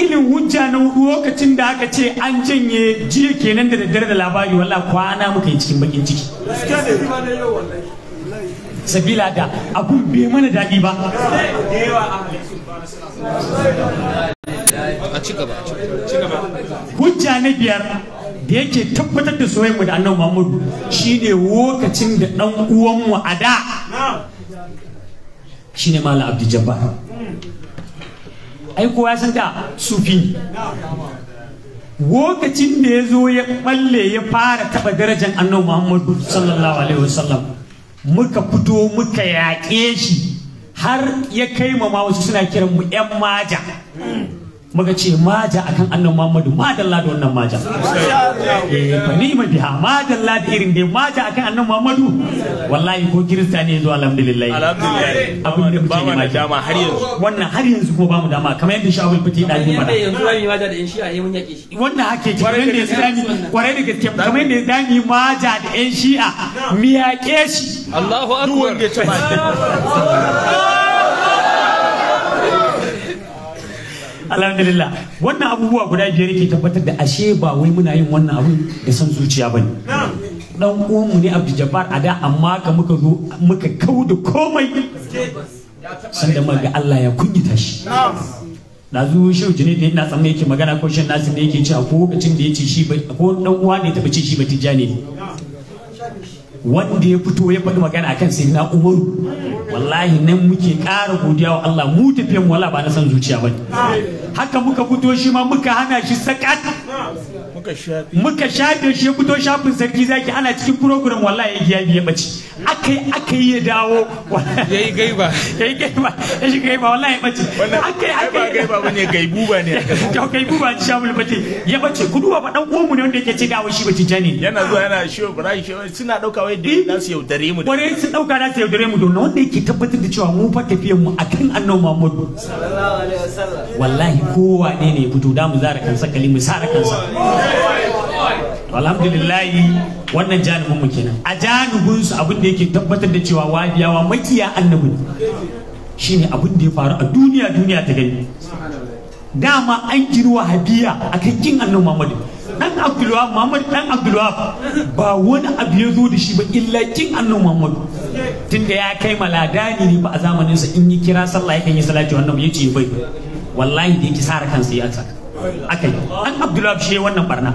ilin hujja na lokacin da aka ce an janye jiya kenan da daddare da labari wallahi kwana muka yi cikin bakin ciki sabila da abun bai mana daɗi ba a ci gaba hujja na biyar da yake tabbatar da soyayyar mu da annabi Muhammadu shine lokacin da dan uwan mu a da shine malam Abdul Jabbar ai kowa ya san da sufi lokacin da ya zo ya balle ya fara taba darajar annabi Muhammad sallallahu alaihi wasallam muka fito muka yaƙe shi har ya kai ma wasu suna kiran mu yan maja mm. muka ce maja akan annan muhammadu madalla da wannan maja eh, fa ma biha madalla da irin dai maja akan annan muhammadu wallahi ko kirista ne zuwa alhamdulillah alhamdulillah abin da ba mu dama har yanzu wannan har yanzu ko ba mu dama kamar yadda shawul fiti da ni mana yanzu wani maja da yan shi'a ne eh, mun yake shi wannan hake ki kamar yadda ya dani kware da gaske kamar yadda ya dani maja da yan shi'a miyake shi Allahu akbar alhamdulillah wannan abubuwa guda biyar ke tabbatar da ashe ba wai muna yin wannan abun da san zuciya bane dan uwanmu ne abdu jabbar a da amma ka muka zo muka kau da komai sanda maga Allah ya kunyata shi na zo shi jini ne ina magana ko shin nasu da yake ci ko kokacin da yace shi ko dan uwa ne ta bace shi ba tijani ne wanda ya fito ya faɗi magana akan na umaru wallahi nan muke ƙara godiya wa Allah mu tafiyan wala ba na san zuciya bane haka muka fito shi ma muka hana shi sakat muka shafe shi ya fito shafin sarki zaki ana cikin program wallahi ya giya biye bace akai akai ya dawo yayi gaiba yayi gaiba ya shi gaiba wallahi bace akai akai gaiba bane gaibu ba ne to gaibu ba shamul bace ya bace ku duba ba dan uwanmu ne wanda yake ce dawo shi bace jani yana zuwa yana shiwo brai shiwo suna dauka wai da nasu yaudare mu bare su dauka da yaudare mu don wanda yake tabbatar da cewa mu fa tafiyan mu akan annabi muhammadu sallallahu alaihi wasallam wallahi kowa ne ne fito da mu zara kansa kali mu sara kansa To alhamdulillah wannan janibin mu kenan a janibin su abin da yake tabbatar da cewa wahabiyawa makiya annabi shine abin da ya faru a duniya duniya ta gani dama an kiri wahabiya a kan kin annabi muhammadu dan abdulwahab muhammadu dan abdulwahab ba wani abu ya zo da shi ba illa kin annabi muhammadu tunda ya kai maladani ne ba a zamanin sa in yi kira sallah yakan yi salati wannan ya ce bai wallahi da yake sara kansa ya saka akai an abdullahi shi wannan barna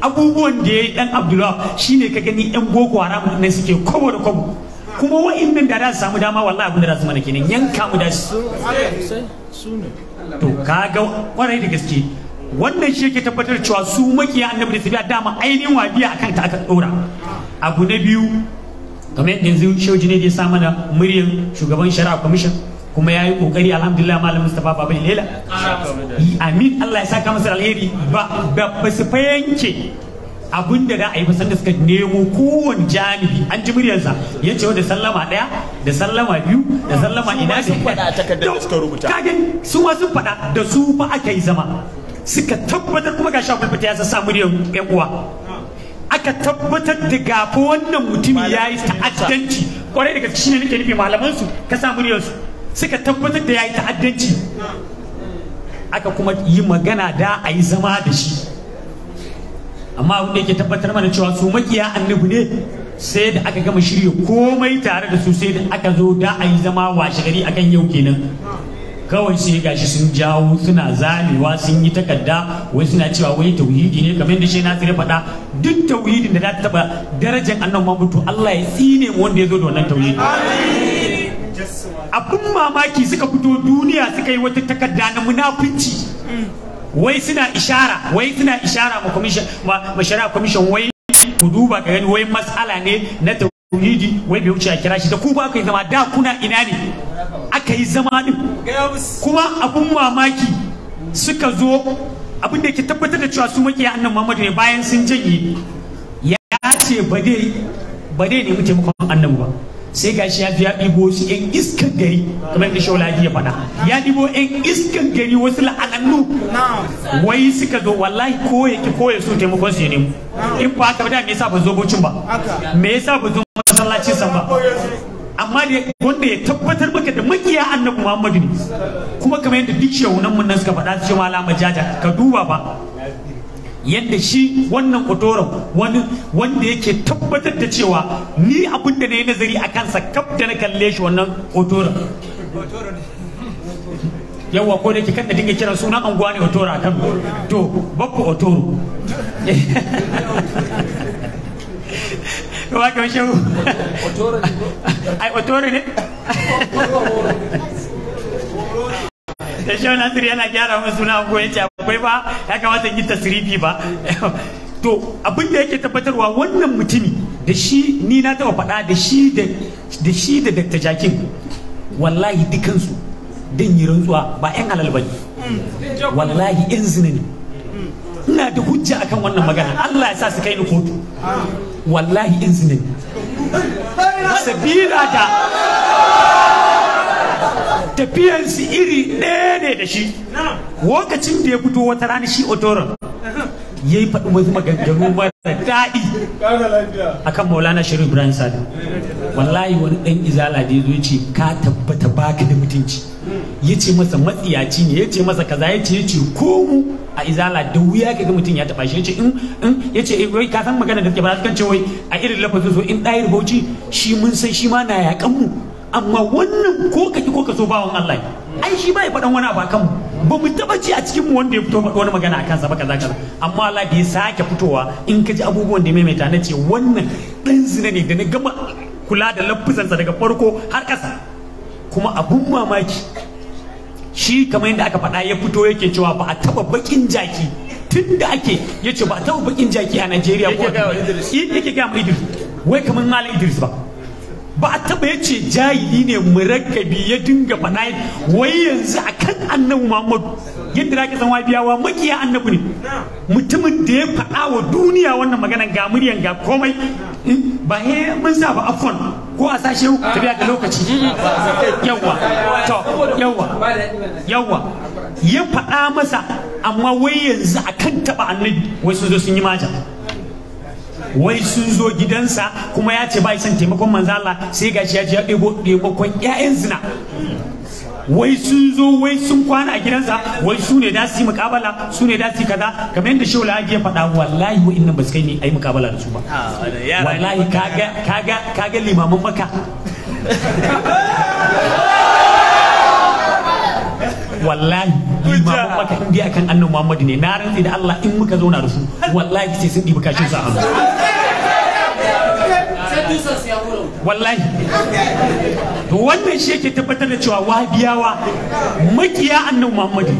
abubuwan da ya yi dan Abdullahi shine ka gani yan boko haram ne suke kobo da kobo kuma wa'annan da za su samu dama wallahi abin da za su mana kenan yanka mu da su to kaga kwarai da gaske wannan shi yake tabbatar cewa su makiya annabi da tafiya dama ainihin wadiya akan ta aka dora abu na biyu kamar yanzu shauji da ya sa mana muryar shugaban shari'a commission kuma ya yi kokari alhamdulillah malam Mustapha baba lela amin Allah ya saka masa alheri ba ba su fayanke abin da za a yi ba sanda suka nemo kowane jami'i an ji muryarsa ya ce da sallama ɗaya da sallama biyu da sallama ina rubuta kage su ma sun faɗa da su ba aka yi zama suka tabbatar kuma ga shafin fita ya sa muryar ɗan uwa aka tabbatar da gafi wannan mutumin ya yi ta'addanci kwarai daga shi ne nake nufi malamansu ka sa muryarsu suka tabbatar da ya yi ta'addanci aka kuma yi magana da a yi zama da shi amma abin da yake tabbatar mana cewa su makiya annabi ne sai da aka gama shirya komai tare da su sai da aka zo da a yi zama washe gari akan yau kenan kawai sai gashi sun jawo suna zamewa sun yi takarda wai suna cewa wai tauhidi ne kamar da shi na tsire faɗa duk tauhidin da za ta taba darajar annan mabutu to Allah ya tsine wanda ya zo da wannan tauhidi abin mamaki suka fito duniya suka yi wata takarda na munafunci wai suna ishara wai suna ishara ma commission ma shari'a kwamishin wai ku duba ka gani wai matsala ne na tauhidi wai bai wuce a kira shi da ku ba aka yi zama da kuna ina ne aka yi zama din kuma abin mamaki suka zo abin da ke tabbatar da cewa su makiya annan Muhammadu ne bayan sun janye ya ce ba dai ba dai nemi taimakon annabi ba sai ga shi ya fi ya ɗibo su yan iskan gari kuma da shaula ya faɗa ya ɗibo yan iskan gari wasu la'anannu wai suka zo wallahi ko ya ki ko ya taimakon su ya nemo in ba haka ba da me yasa ba zo bocin ba me yasa ba zo masallacin san ba amma da wanda ya tabbatar maka da makiya annabi Muhammadu ne kuma kamar yadda duk shehunan mun nan suka faɗa su alama jaja ka duba ba yadda shi wannan kotoron wani wanda yake tabbatar da cewa ni abin da na yi nazari a kansa kaf da na kalle shi wannan kotoron yawa ko da ke kan da dinga kiran an anguwa ne a kan to bakko otoro wa ka ai otoro ne da shi wani asiri yana gyara min suna ko ce akwai ba ya kamata in yi tasrifi ba to abin da yake tabbatarwa wannan mutumi da shi ni na taɓa faɗa da shi da da shi da Dr. Jakin wallahi dukansu dan yi rantsuwa ba 'yan halal ba ne wallahi 'yan zina ne ina da hujja akan wannan magana Allah ya sa su kai ni kotu wallahi 'yan zina ne sabila da tafiyansu iri ɗaya ne da shi lokacin da ya fito wata rana shi otoron ya yi faɗi wasu maganganu mara daɗi akan maulana shirin ibrahim sadu wallahi wani ɗan izala da ya zo ce ka tabbata baka da mutunci ya ce masa matsiyaci ne ya ce masa kaza ya ce ya ce ko mu a izala da wuya ka ga mutum ya taɓa shi ya ce in in ya ce eh, wai ka san magana da suke ba su kan ce wai a irin lafafin so in ɗayar bauchi shi mun san shi ma na yaƙan mu amma wannan ko ka ki ko ka so bawan Allah ai shi ba ya faɗan wani abu akan ba mu taba ci a cikin mu wanda ya fito faɗa wani magana akan sa ba kaza kaza amma Allah bai ya sake fitowa in ka ji abubuwan da ya maimaita na ce wannan dan zina ne da na gama kula da sa daga farko har ƙasa kuma abun mamaki shi kamar yadda aka faɗa ya fito yake cewa ba a taba bakin jaki tun da ake ya ce ba a taba bakin jaki a Najeriya ko yake ga Idris wai kamar Malam Idris ba ba a taba ya ce jahili ne murakabi ya dinga faɗa wai yanzu a kan annabi muhammadu yadda na san wabiyawa makiya annabi ne mutumin da ya faɗa wa duniya wannan magana ga muryan ga komai eh, ba he mun sa ba afon ko a sashe biya da lokaci yawa to yawa yawa ya faɗa masa amma wai yanzu a kan taɓa annabi wai sun zo sun yi maja wai sun zo gidansa kuma ya ce ba son taimakon manzo Allah sai gashi ya ce ya ɗebo ɗebakon ƴaƴan zina wai sun zo wai sun kwana a gidansa wai su ne da su yi mukabala su ne da su yi kaza kamar yadda shehu lahadi ya faɗa wallahi wa inna ba su kai a yi mukabala da su ba ah, wallahi kaga kaga kaga limamin baka wallahi limamin baka inda akan annabi muhammadu ne na rantsi da Allah in muka zauna da su wallahi sai sun ɗibi kashin sa hannu wallahi to wannan shi yake tabbatar da cewa wahabiyawa makiya annabi muhammadu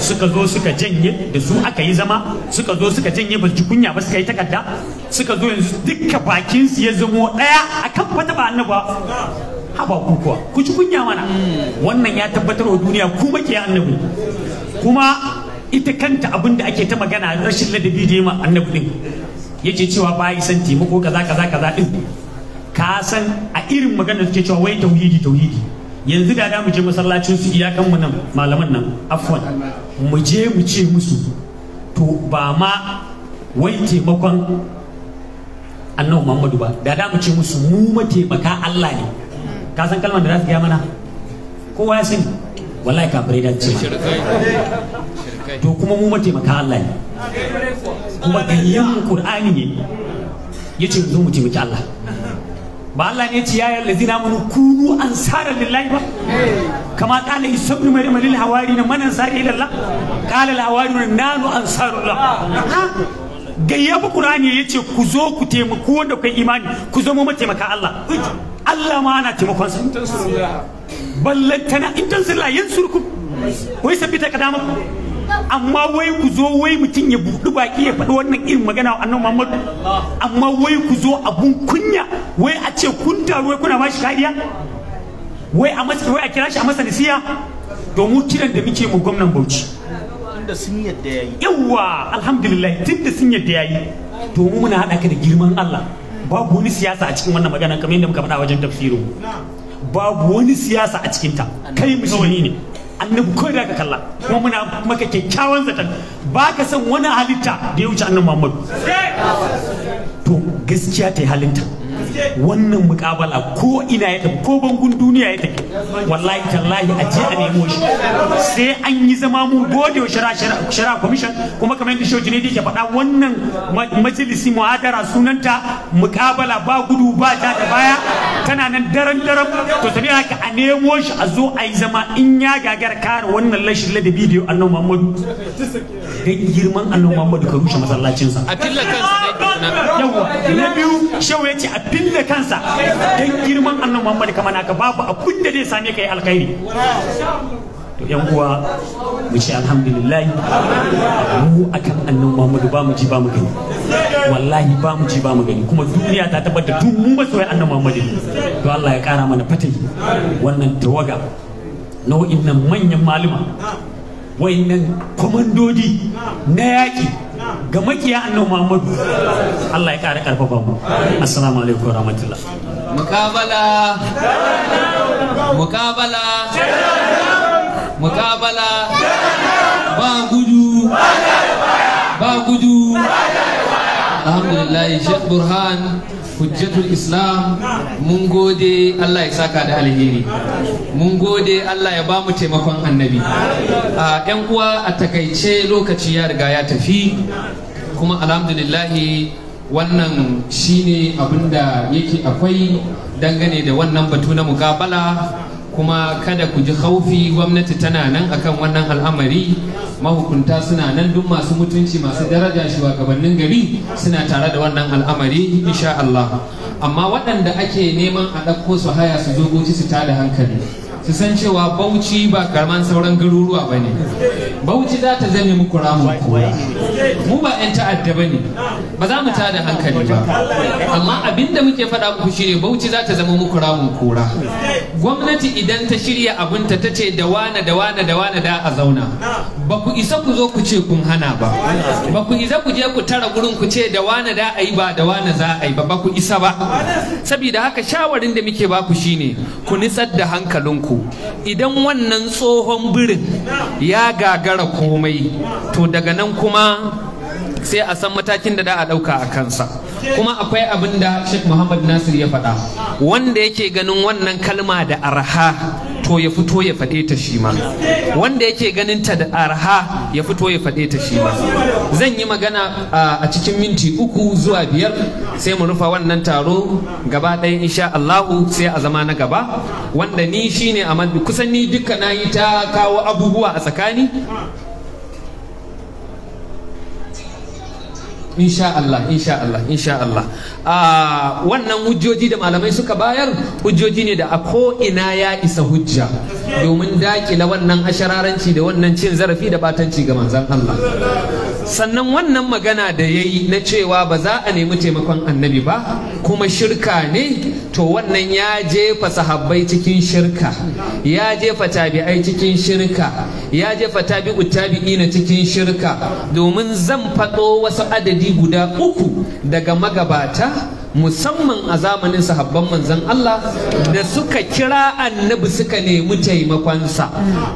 suka zo suka janye da su aka yi zama suka zo suka janye ba kunya ba suka yi takarda suka zo yanzu dukkan bakin su ya zamo daya akan fata ba annabi haba ku kuwa ku ci mana wannan ya tabbatar wa duniya ku makiya annabi kuma ita kanta abin da ake ta magana rashin ladabi da yi ma annabi din yace cewa ba yi san taimako kaza kaza kaza din ka san a irin magana suke cewa wai tauhidi tauhidi yanzu da da mu je masallacin su iyakan mu nan malaman nan afwan mu je mu ce musu to ba ma wai taimakon annabi Muhammadu ba da da mu ce musu mu mataimaka Allah ne ka san kalmar da za su gaya mana kowa ya sani wallahi kafirai da ce to kuma mu mataimaka Allah ne kuma ganyen Qur'ani ne yace zo mu taimaki Allah ba Allah ne ce ya yi zina amanu kunu ansara lillahi ba kama qala isa ibn maryam lil hawarina man ansari ila qala al hawarina nanu ansarullah gayyaba qur'ani yace ku zo ku taimako wanda kai imani ku zama mataimaka Allah Allah ma ana taimakon sa ballantana in tanzila yansurkum wai sabita kadamakum amma wai ku zo wai mutum ya buɗi baki ya faɗi wannan irin magana wa annabi Muhammadu amma wai ku zo abun kunya wai a ce kun taru wai kuna bashi kariya wai a masa wai a kira shi a masa nasiya domin kiran da muke mu gwamnan Bauchi tunda sun yadda yayi yawa alhamdulillah tunda sun yadda yayi to mu muna haɗa ka da girman Allah babu wani siyasa a cikin wannan magana kamar yadda muka faɗa wajen tafsirin babu wani siyasa a cikin ta kai musulmi ne annabi kawai da ka kalla kuma muna maka kyakkyawan zaton ba ka san wani halitta da ya wuce annabi muhammadu to gaskiya ta yi halinta wannan mukabala ko ina ya tafi ko bangun duniya ya tafi wallahi tallahi a je a nemo shi sai an yi zama mun gode wa shara commission kuma kamar yadda shoji ne yake faɗa wannan majalisi muhadara sunanta mukabala ba gudu ba ta da baya tana nan daren daren to tabi haka a nemo shi a zo a yi zama in ya gagara kare wannan lashin ladabi da annabi Muhammadu dan girman annabi Muhammadu ka rushe masallacinsa a killa kansa yawa na biyu shau ya ce a binne kansa don girman annan muhammad kamar naka babu abin da zai same ka yi alkhairi to yan uwa mu ce alhamdulillah mu akan annan muhammadu ba mu ji ba mu gani wallahi ba mu ji ba mu gani kuma duniya ta tabbata duk mu masoya annan muhammadu to Allah ya kara mana fatai wannan tawaga nau'in nan manyan maluma wa'annan kwamandodi na yaƙi ga makiya annabi Muhammadu Allah ya kare karfafa mu assalamu alaikum warahmatullah mukabala mukabala mukabala ba gudu ba gudu alhamdulillah shekh Burhan hujjatul islam mun gode Allah ya saka da alheri mun gode Allah ya ba mu taimakon annabi a yan uwa a takaice lokaci ya riga ya tafi kuma alhamdulillahi wannan shine abinda yake akwai dangane da wannan batu na mukabala kuma kada ku ji haufi gwamnati tana nan akan wannan al'amari mahukunta suna nan duk masu mutunci masu daraja shugabannin gari suna tare da wannan al'amari insha Allah amma waɗanda ake neman a ɗauko su haya su zo goci su tada hankali su san cewa bauchi ba karman sauran garuruwa ba ne bauchi za ta zame muku ramin mu ba 'yan ta'adda ba ne ba za mu ta da hankali ba amma abin da muke faɗa muku ne bauchi za ta zama muku ramin kura gwamnati idan ta shirya abinta ta ce da wane da wane da wane da a zauna ba ku isa ku zo ku ce kun hana ba ba ku isa ku je ku tara gurin ku ce da wane da a yi ba da wane za a yi ba ba ku isa ba saboda haka shawarin da muke baku shine ku nitsar da hankalinku idan wannan tsohon birin ya gagara komai to daga nan kuma sai a san matakin da da a ɗauka a kansa kuma akwai abin da Sheikh Muhammad Nasir ya faɗa wanda yake ganin wannan kalma da arha fito ya fito ya faɗe ta shi ma wanda yake ganin ta da arha ya fito ya faɗe ta shi ma zan yi magana a cikin minti uku zuwa biyar sai mu rufa wannan taro gaba ɗaya insha Allahu sai a zama na gaba wanda ni shine a kusan ni duka na yi ta kawo abubuwa a tsakani insha Allah insha Allah insha Allah ah, wannan hujjoji da malamai suka bayar hujjoji ne da a ko ina ya isa hujja domin dakila wannan ashararanci da wannan cin zarafi da batanci ga manzon Allah sannan wannan magana da ya yi na cewa ba za a nemi taimakon annabi ba kuma shirka ne to wannan ya jefa sahabbai cikin shirka ya jefa tabi'ai cikin shirka ya jefa tabi'u tabi'i na cikin shirka domin zan faɗo wasu adadi guda uku daga magabata musamman a zamanin sahabban manzon Allah da suka kira annabi suka nemi taimakonsa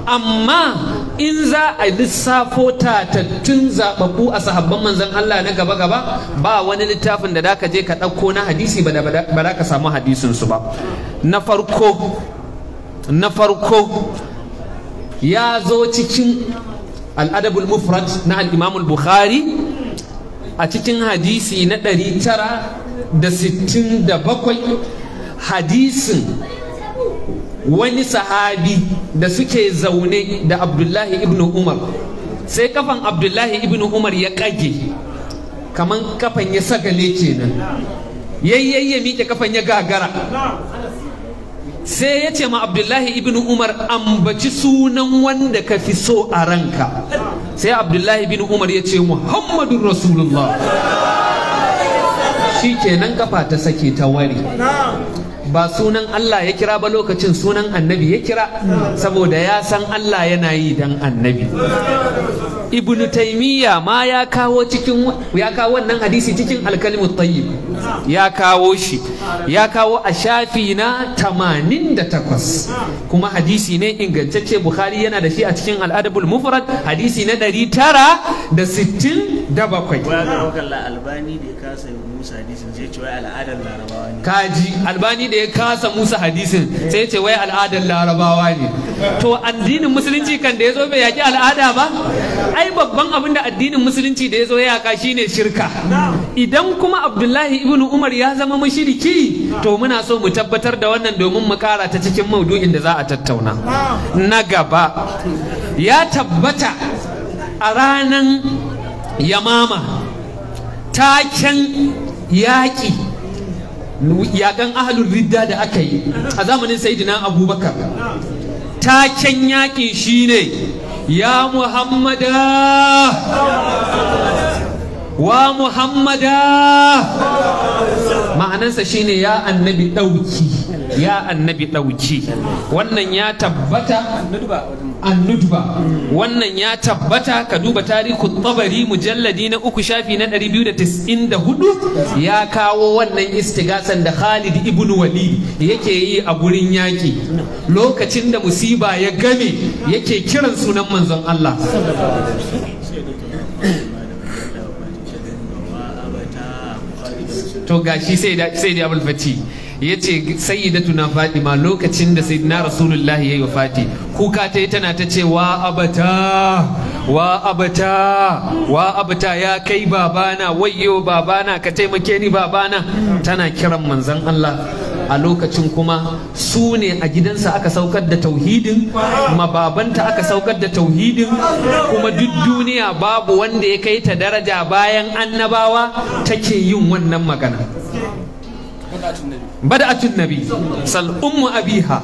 amma in za a lissafo tattun zababbu a sahabban manzon Allah na gaba gaba ba wani littafin da daka je ka ɗauko na hadisi ba da ka samu hadisin su ba na farko na farko ya zo cikin al'adabul mufrad na al bukhari a cikin hadisi na ɗari tara da sittin da bakwai hadisin wani sahabi da suke zaune da abdullahi ibn umar sai kafan abdullahi ibn umar ya kage kaman kafan ya sagale kenan yayyayi ya miƙe kafan ya gagara sai ya ce ma abdullahi ibn umar ambaci sunan wanda ka fi so a ranka sai abdullahi ibn umar ya ce muhammadun rasulullah Shikenan kenan kafa ta sake ta wari. ba sunan Allah ya kira ba lokacin sunan annabi ya kira saboda ya san Allah yana yi dan annabi ibnu taimiyya ma ya kawo cikin ya kawo wannan hadisi cikin alkalimu tayyib ya kawo shi ya kawo a shafi na 88 kuma hadisi ne ingantacce bukhari yana da shi a cikin al'adabul mufrad hadisi na 967 albani da da bakwai. musu hadisin sai ce wai al'adar larabawa ne kaji albani da ya kasa musa hadisin sai ce wai al'adar larabawa ne to addinin musulunci kan da ya zo bai yaki al'ada ba ai babban abin da addinin musulunci da ya zo ya yaka ne shirka idan kuma abdullahi ibnu umar ya zama mashiriki to muna so mu tabbatar da wannan domin mu kara ta cikin maudu'in da za a tattauna na gaba ya tabbata a ranan yamama taken yaƙi yaƙan ahalun ridda da aka yi a zamanin saidina abubakar taken yaƙi shine ya muhammada wa muhammada ma'anansa shine ya annabi ɗauki ya annabi ɗauki wannan ya tabbata annuduba wannan ya tabbata ka duba tarihin tabari mujalladi na uku shafi na 294 ya kawo wannan istigasan da khalid ibn wali yake yi a gurin yaƙi lokacin da musiba ya game yake kiran sunan manzon Allah to gashi sai da abulfati yace sayyidatuna ma lokacin da sayyidina rasulullahi yayi wafati kuka ta tana ta ce wa abata wa abata wa abata ya kai babana wayyo babana ka taimake ni babana tana kiran manzon Allah a lokacin kuma su ne a gidansa aka saukar da tauhidin babanta aka saukar da tauhidin kuma duk duniya babu wanda ya kai ta daraja bayan annabawa take yin wannan magana bada'atun nabi sal ummu abiha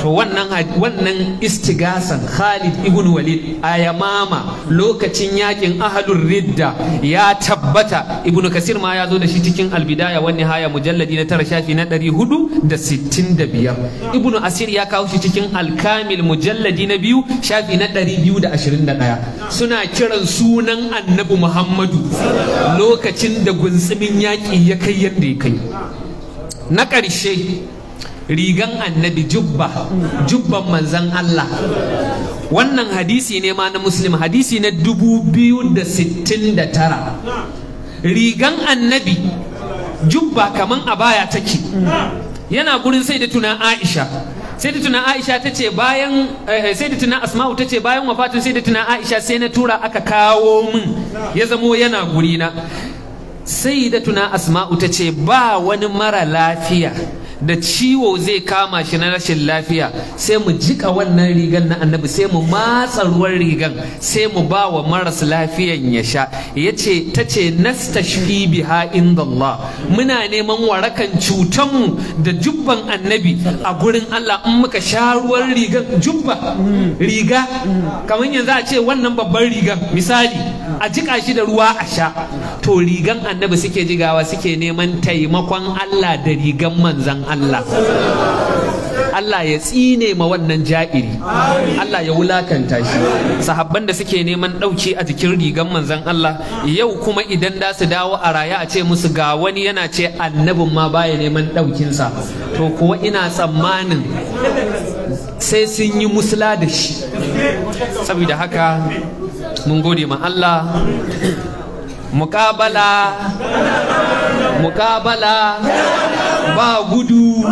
to wannan wannan istigasan Khalid ibn Walid ayamama lokacin yakin ahadur ridda ya tabbata ibnu kasir ma ya zo da shi cikin albidaya wani haya mujalladi na tara shafi na ɗari hudu da sittin da biyar ibnu asir ya kawo shi cikin alkamil mujalladi na biyu shafi na ɗari biyu da ashirin da ɗaya suna kiran sunan annabi muhammadu lokacin da gunsumin yaƙi ya kai yadda ya kai na ƙarshe rigan annabi jubba jubban manzan Allah wannan hadisi ne ma na muslim hadisi na 2069 rigan annabi jubba kaman a baya take yana gurin sai da tuna aisha sai da tuna aisha ta ce bayan eh, eh, sai da tuna asma'u ta ce bayan wafatun sai da tuna aisha sai na tura aka kawo min ya zamo yana gurina sayyidatuna asma'u tace ba wani mara lafiya da ciwo zai kama shi na rashin lafiya sai mu jika wannan rigan na annabi sai mu matsa ruwan rigan sai mu ba wa maras lafiyan ya sha ya ce ta ce nastashfi biha inda Allah muna neman warakan cutanmu da jubban annabi a gurin Allah in muka sha ruwan rigan jubba riga kamar yanzu a ce wannan babban rigan misali a jika shi da ruwa a sha to rigan annabi suke jigawa suke neman taimakon Allah da rigan manzan Allah Allah ya tsine ma wannan ja'iri Allah ya wulakanta shi sahabban da suke neman ɗauki a jikin rigar manzon Allah yau kuma idan da su dawo a raya a ce musu ga wani yana ce annabin ma baya neman ɗaukinsa to kuwa ina tsammanin sai sun yi musula da shi saboda haka mun gode ma Allah muƙabala mukabala ba gudu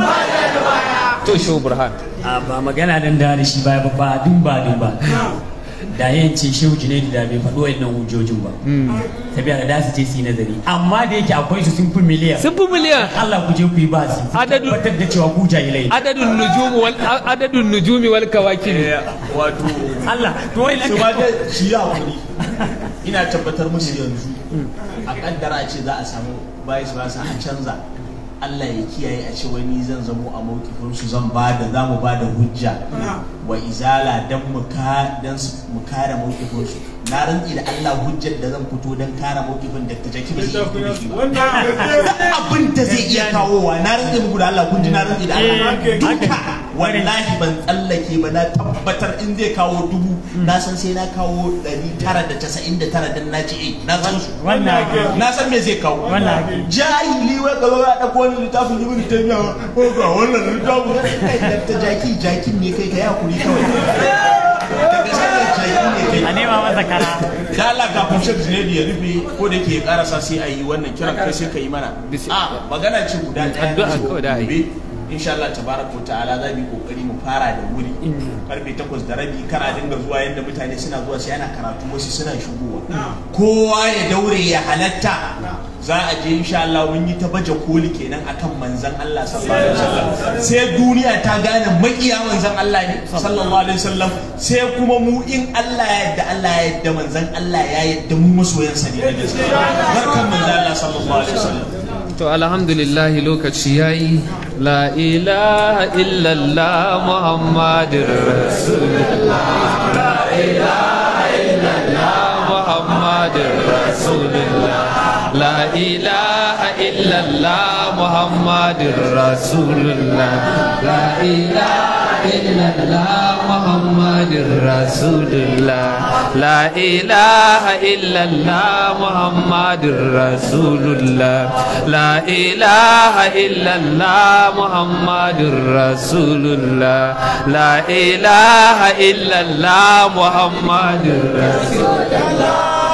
to shi burhan ba magana dan da shi ba ba dun ba dun ba da yan ce shehu junaidu da bai faɗo wayannan hujjojin ba tabiya da su ce su yi nazari amma da yake akwai su sun fi miliyan sun fi miliyan Allah ku je ku yi basi adadun batar da cewa ku jahilai adadun nujumi wal adadun nujumi wal kawakin. Eh, wato Allah to wai su ba da shi ya wuri ina tabbatar musu yanzu a kaddara ce za a samu bai su basa an canza Allah ya kiyaye a ce wani zan zamo a mawkifin su zan ba da za mu ba da hujja wa izala dan mu kare mawkifin su na rantsi da Allah hujjar da zan fito don kare mokifin da ta jaki ba zai fito da abin da zai iya kawowa na rantsi muku da Allah kunji na rantsi da Allah eh, duka wallahi ban tsallake ba na tabbatar in zai kawo dubu hmm. na san sai na kawo ɗari tara da casa'in da tara don na ce eh, na san su na san me zai kawo jahili wai ka zo ya ɗauko wani littafin yi taymiya ko ga wannan littafin ta jaki jakin ne kai ka yi hakuri kawai a nema masa kara da Allah kafin ne da ya rufe ko da ke karasa sai a yi wannan kiran kai sai ka yi mana a magana ce guda ta yi insha Allah tabaraka ta'ala za mu yi kokari mu fara da wuri karfe 8 da rabi kana dinga zuwa yadda mutane suna zuwa sai ana karatu wasu suna shigowa kowa ya daure ya halatta za a je insha Allah mun yi ta baje koli kenan akan manzon Allah sallallahu alaihi wasallam sai duniya ta gane makiya manzon Allah ne sallallahu alaihi wasallam sai kuma mu in Allah ya yadda Allah ya yadda manzon Allah ya yadda mu masoyan sa ne barkan manzon Allah sallallahu alaihi wasallam to alhamdulillah lokaci yayi la ilaha illallah muhammadur rasulullah ilaha illallah muhammadin rasulullah la ilaha illallah muhammadin rasulullah la ilaha illallah muhammadin rasulullah la ilaha illallah muhammadin rasulullah la ilaha illallah muhammadin rasulullah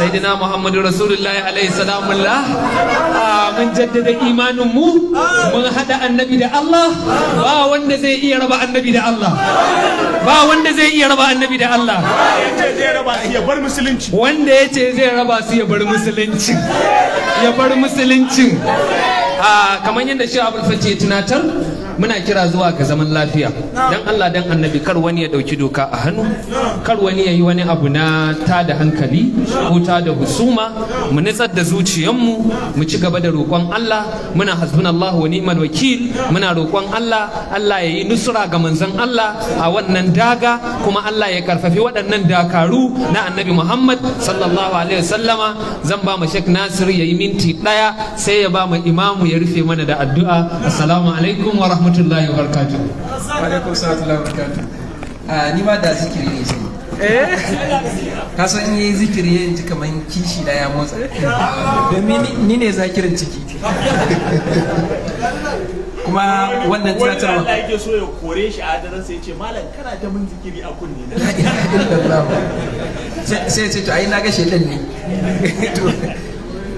sayyidina muhammadu rasulullahi alaihi salamullah ah, mun jaddada imanin mu mun hada annabi da Allah ba wanda zai iya raba annabi da Allah ba wanda zai iya raba annabi da Allah wanda ya ce zai raba su ya bar musulunci ya bar musuluncin ah, kamar yadda shi abul fati tunatar muna kira zuwa ga zaman lafiya dan Allah dan annabi kar wani ya dauki doka a hannu kar wani ya yi wani abu na ta da hankali ko ta da husuma mu nitsar da zuciyarmu mu ci gaba da roƙon Allah muna hasbunallahu wa ni'mal wakil muna roƙon Allah Allah ya yi nusra ga manzon Allah a wannan daga kuma Allah ya karfafi waɗannan dakaru na annabi Muhammad sallallahu alaihi wasallama zan ba mu Sheikh Nasir ya yi minti ɗaya sai ya ba mu imamu ya rufe mana da addu'a assalamu alaikum wa rahmatullahi rahmatullahi wa barakatuh wa alaikum salam wa barakatuh a ah, ni ma da zikiri ne sai eh ka san yi zikiri yin ji kaman kishi da ya motsa domin ni ne zakirin ciki kuma wannan tunatarwa Allah yake so ya kore shi a daren sai ce malam kana da mun zikiri a kunne na sai sai to ai na ga shedan ne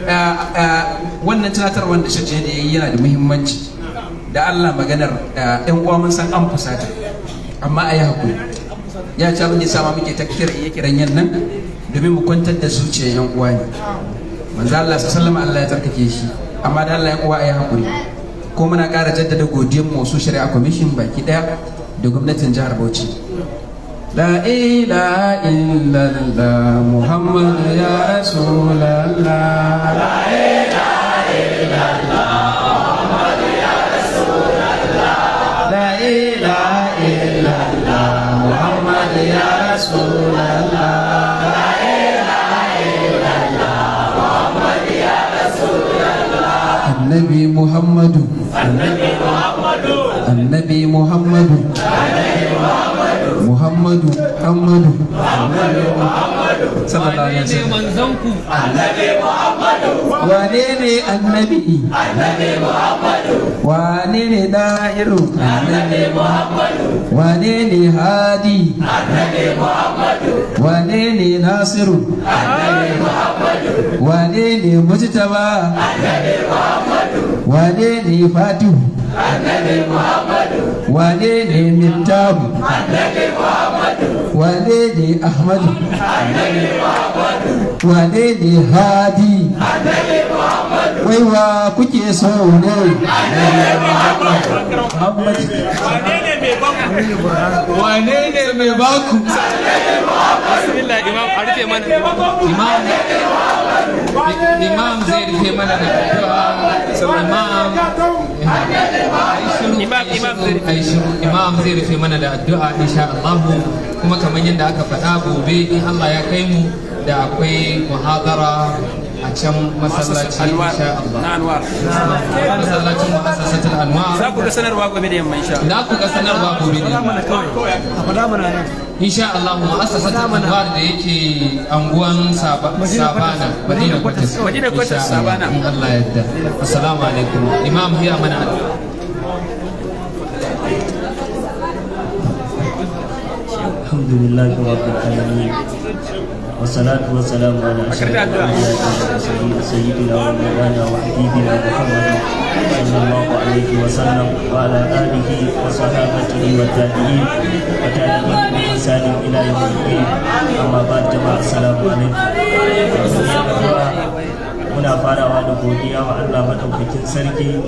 ah, ah, wannan tunatarwa da shaje da yayi yana da muhimmanci da Allah maganar ɗan uwa mun san an fusata amma a yi hakuri ya ci abin da sama muke ta kira iya kiran yan nan domin mu kwantar da zuciyar yan uwa ne manzo Allah sallama Allah ya tarkake shi amma da Allah yan uwa a yi hakuri ko muna ƙara jaddada godiyar mu su shari'a commission baki ɗaya da gwamnatin jihar Bauchi لا إله إلا الله ya يا رسول Muhammadu annabi Muhammadu Muhammadu Muhammadu Muhammadu sallallahu alaihi wasallam manzon ku annabi muhammadu wane ne annabi annabi muhammadu wane ne dahiru annabi muhammadu wane ne hadi annabi muhammadu wane ne nasiru annabi muhammadu wane ne mujtaba annabi muhammadu wane ne fatihu annabi muhammadu wane ne mintahu annabi muhammadu wane ne ahmadu annabi والهادي wai wa kuke so ne wane ne mai baku imam zai rufe mana da addu'a imam imam zai rufe mana da addu'a insha Allah kuma kamar yadda aka faɗa gobe in Allah ya kai mu da akwai muhadara a can masallaci insha Allah na anwar masallacin anwar za ku ga sanarwa gobe da insha Allah za ku ga da yamma a fada mana insha Allah anwar da yake anguwan sabana madina Allah ya yarda assalamu mana الحمد والصلاة والسلام على أشرف سيدنا ومولانا وحبيبنا محمد صلى الله عليه وسلم وعلى آله وصحابته والتابعين وتابعين بإحسان إلى يوم الدين أما بعد جماعة السلام عليكم muna farawa da godiya wa Allah madaukakin sarki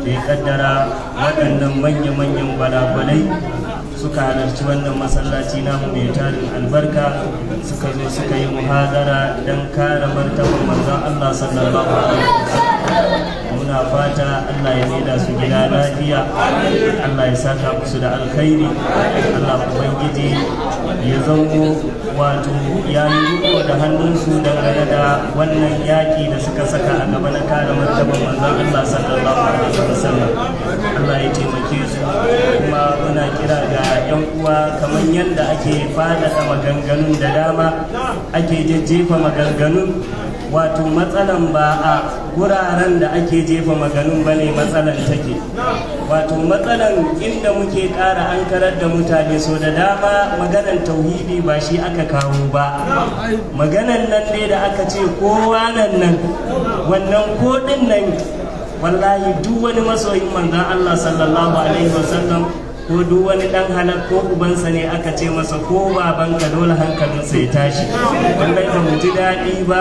da ya kaddara waɗannan manya-manyan balabalai suka halarci wannan masallaci na mu mai tarin albarka suka zo suka yi muhadara don kare martabar manzon Allah sallallahu alaihi wasallam suna fata Allah ya maida su gida lafiya Allah ya saka musu da alkhairi Allah ubangiji ya zango wato ya yi riko da hannunsu dangane da wannan yaƙi da suka saka a gaba na kare martaban manzon Allah sallallahu alaihi wasallam Allah ya taimake su kuma muna kira ga yan uwa kamar yadda ake faɗaɗa maganganun da dama ake jejjefa maganganun wato matsalan ba a wuraren da ake jefa maganin ba ne matsalan take wato matsalan inda muke ƙara an karar da mutane so da dama maganan tauhidi ba shi aka kawo ba maganan nan ne da aka ce kowa nan nan wannan kodin nan wallahi duk wani masoyin manzan Allah sallallahu alaihi wasallam ko duk wani dan halar ko ubansa ne aka ce masa ko babanka dole hankalinsa ya tashi wannan ba mu ji daɗi ba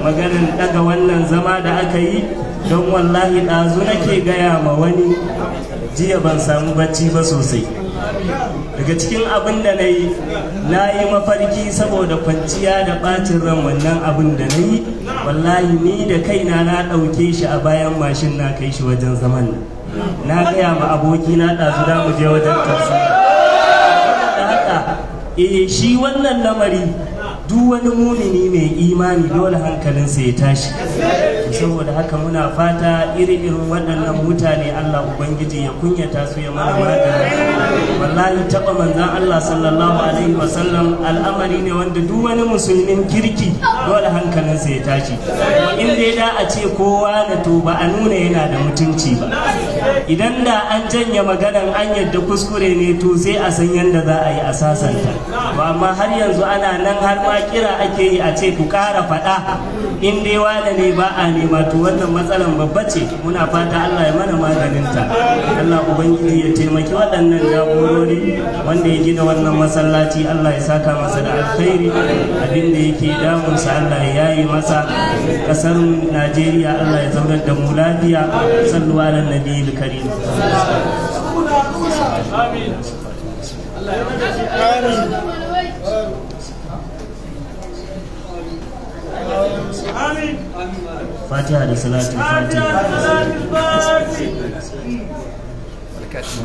maganin daga wannan zama da aka yi don wallahi ɗazu nake gaya ma wani jiya ban samu bacci ba sosai daga cikin abin da na yi na yi mafarki saboda kwanciya da ɓacin ran wannan abin da na yi wallahi ni da kaina na ɗauke shi a bayan mashin na kai shi wajen zaman nan na gaya ma aboki na ɗazu da mu je wajen tafsiri haka eh shi wannan lamari duk wani mumini mai imani dole hankalinsa ya tashi saboda haka muna fata iri-irin waɗannan mutane Allah Ubangiji ya kunyata su ya mana magana wallahi taɓa manzan Allah sallallahu alaihi wasallam al'amari ne wanda duk wani musulmin kirki dole hankalinsa ya tashi in dai da a ce kowa na to ba a nuna yana da mutunci ba idan da an janye maganan an yadda kuskure ne to sai a san yadda za a yi a sasanta ba amma har yanzu ana nan har ma kira ake yi a ce ku ƙara faɗa in dai wani ne ba a nema to wannan matsalan babba ce muna fata Allah ya mana ta Allah ubangiji ya taimaki waɗannan jagorori wanda ya gina wannan masallaci Allah ya saka masa da alkhairi abin da yake sa Allah ya yi masa kasar Najeriya Allah ya zaunar da mu lafiya sallu ala nabiyil karim amin آمين آمين fatiha da salatul fatiha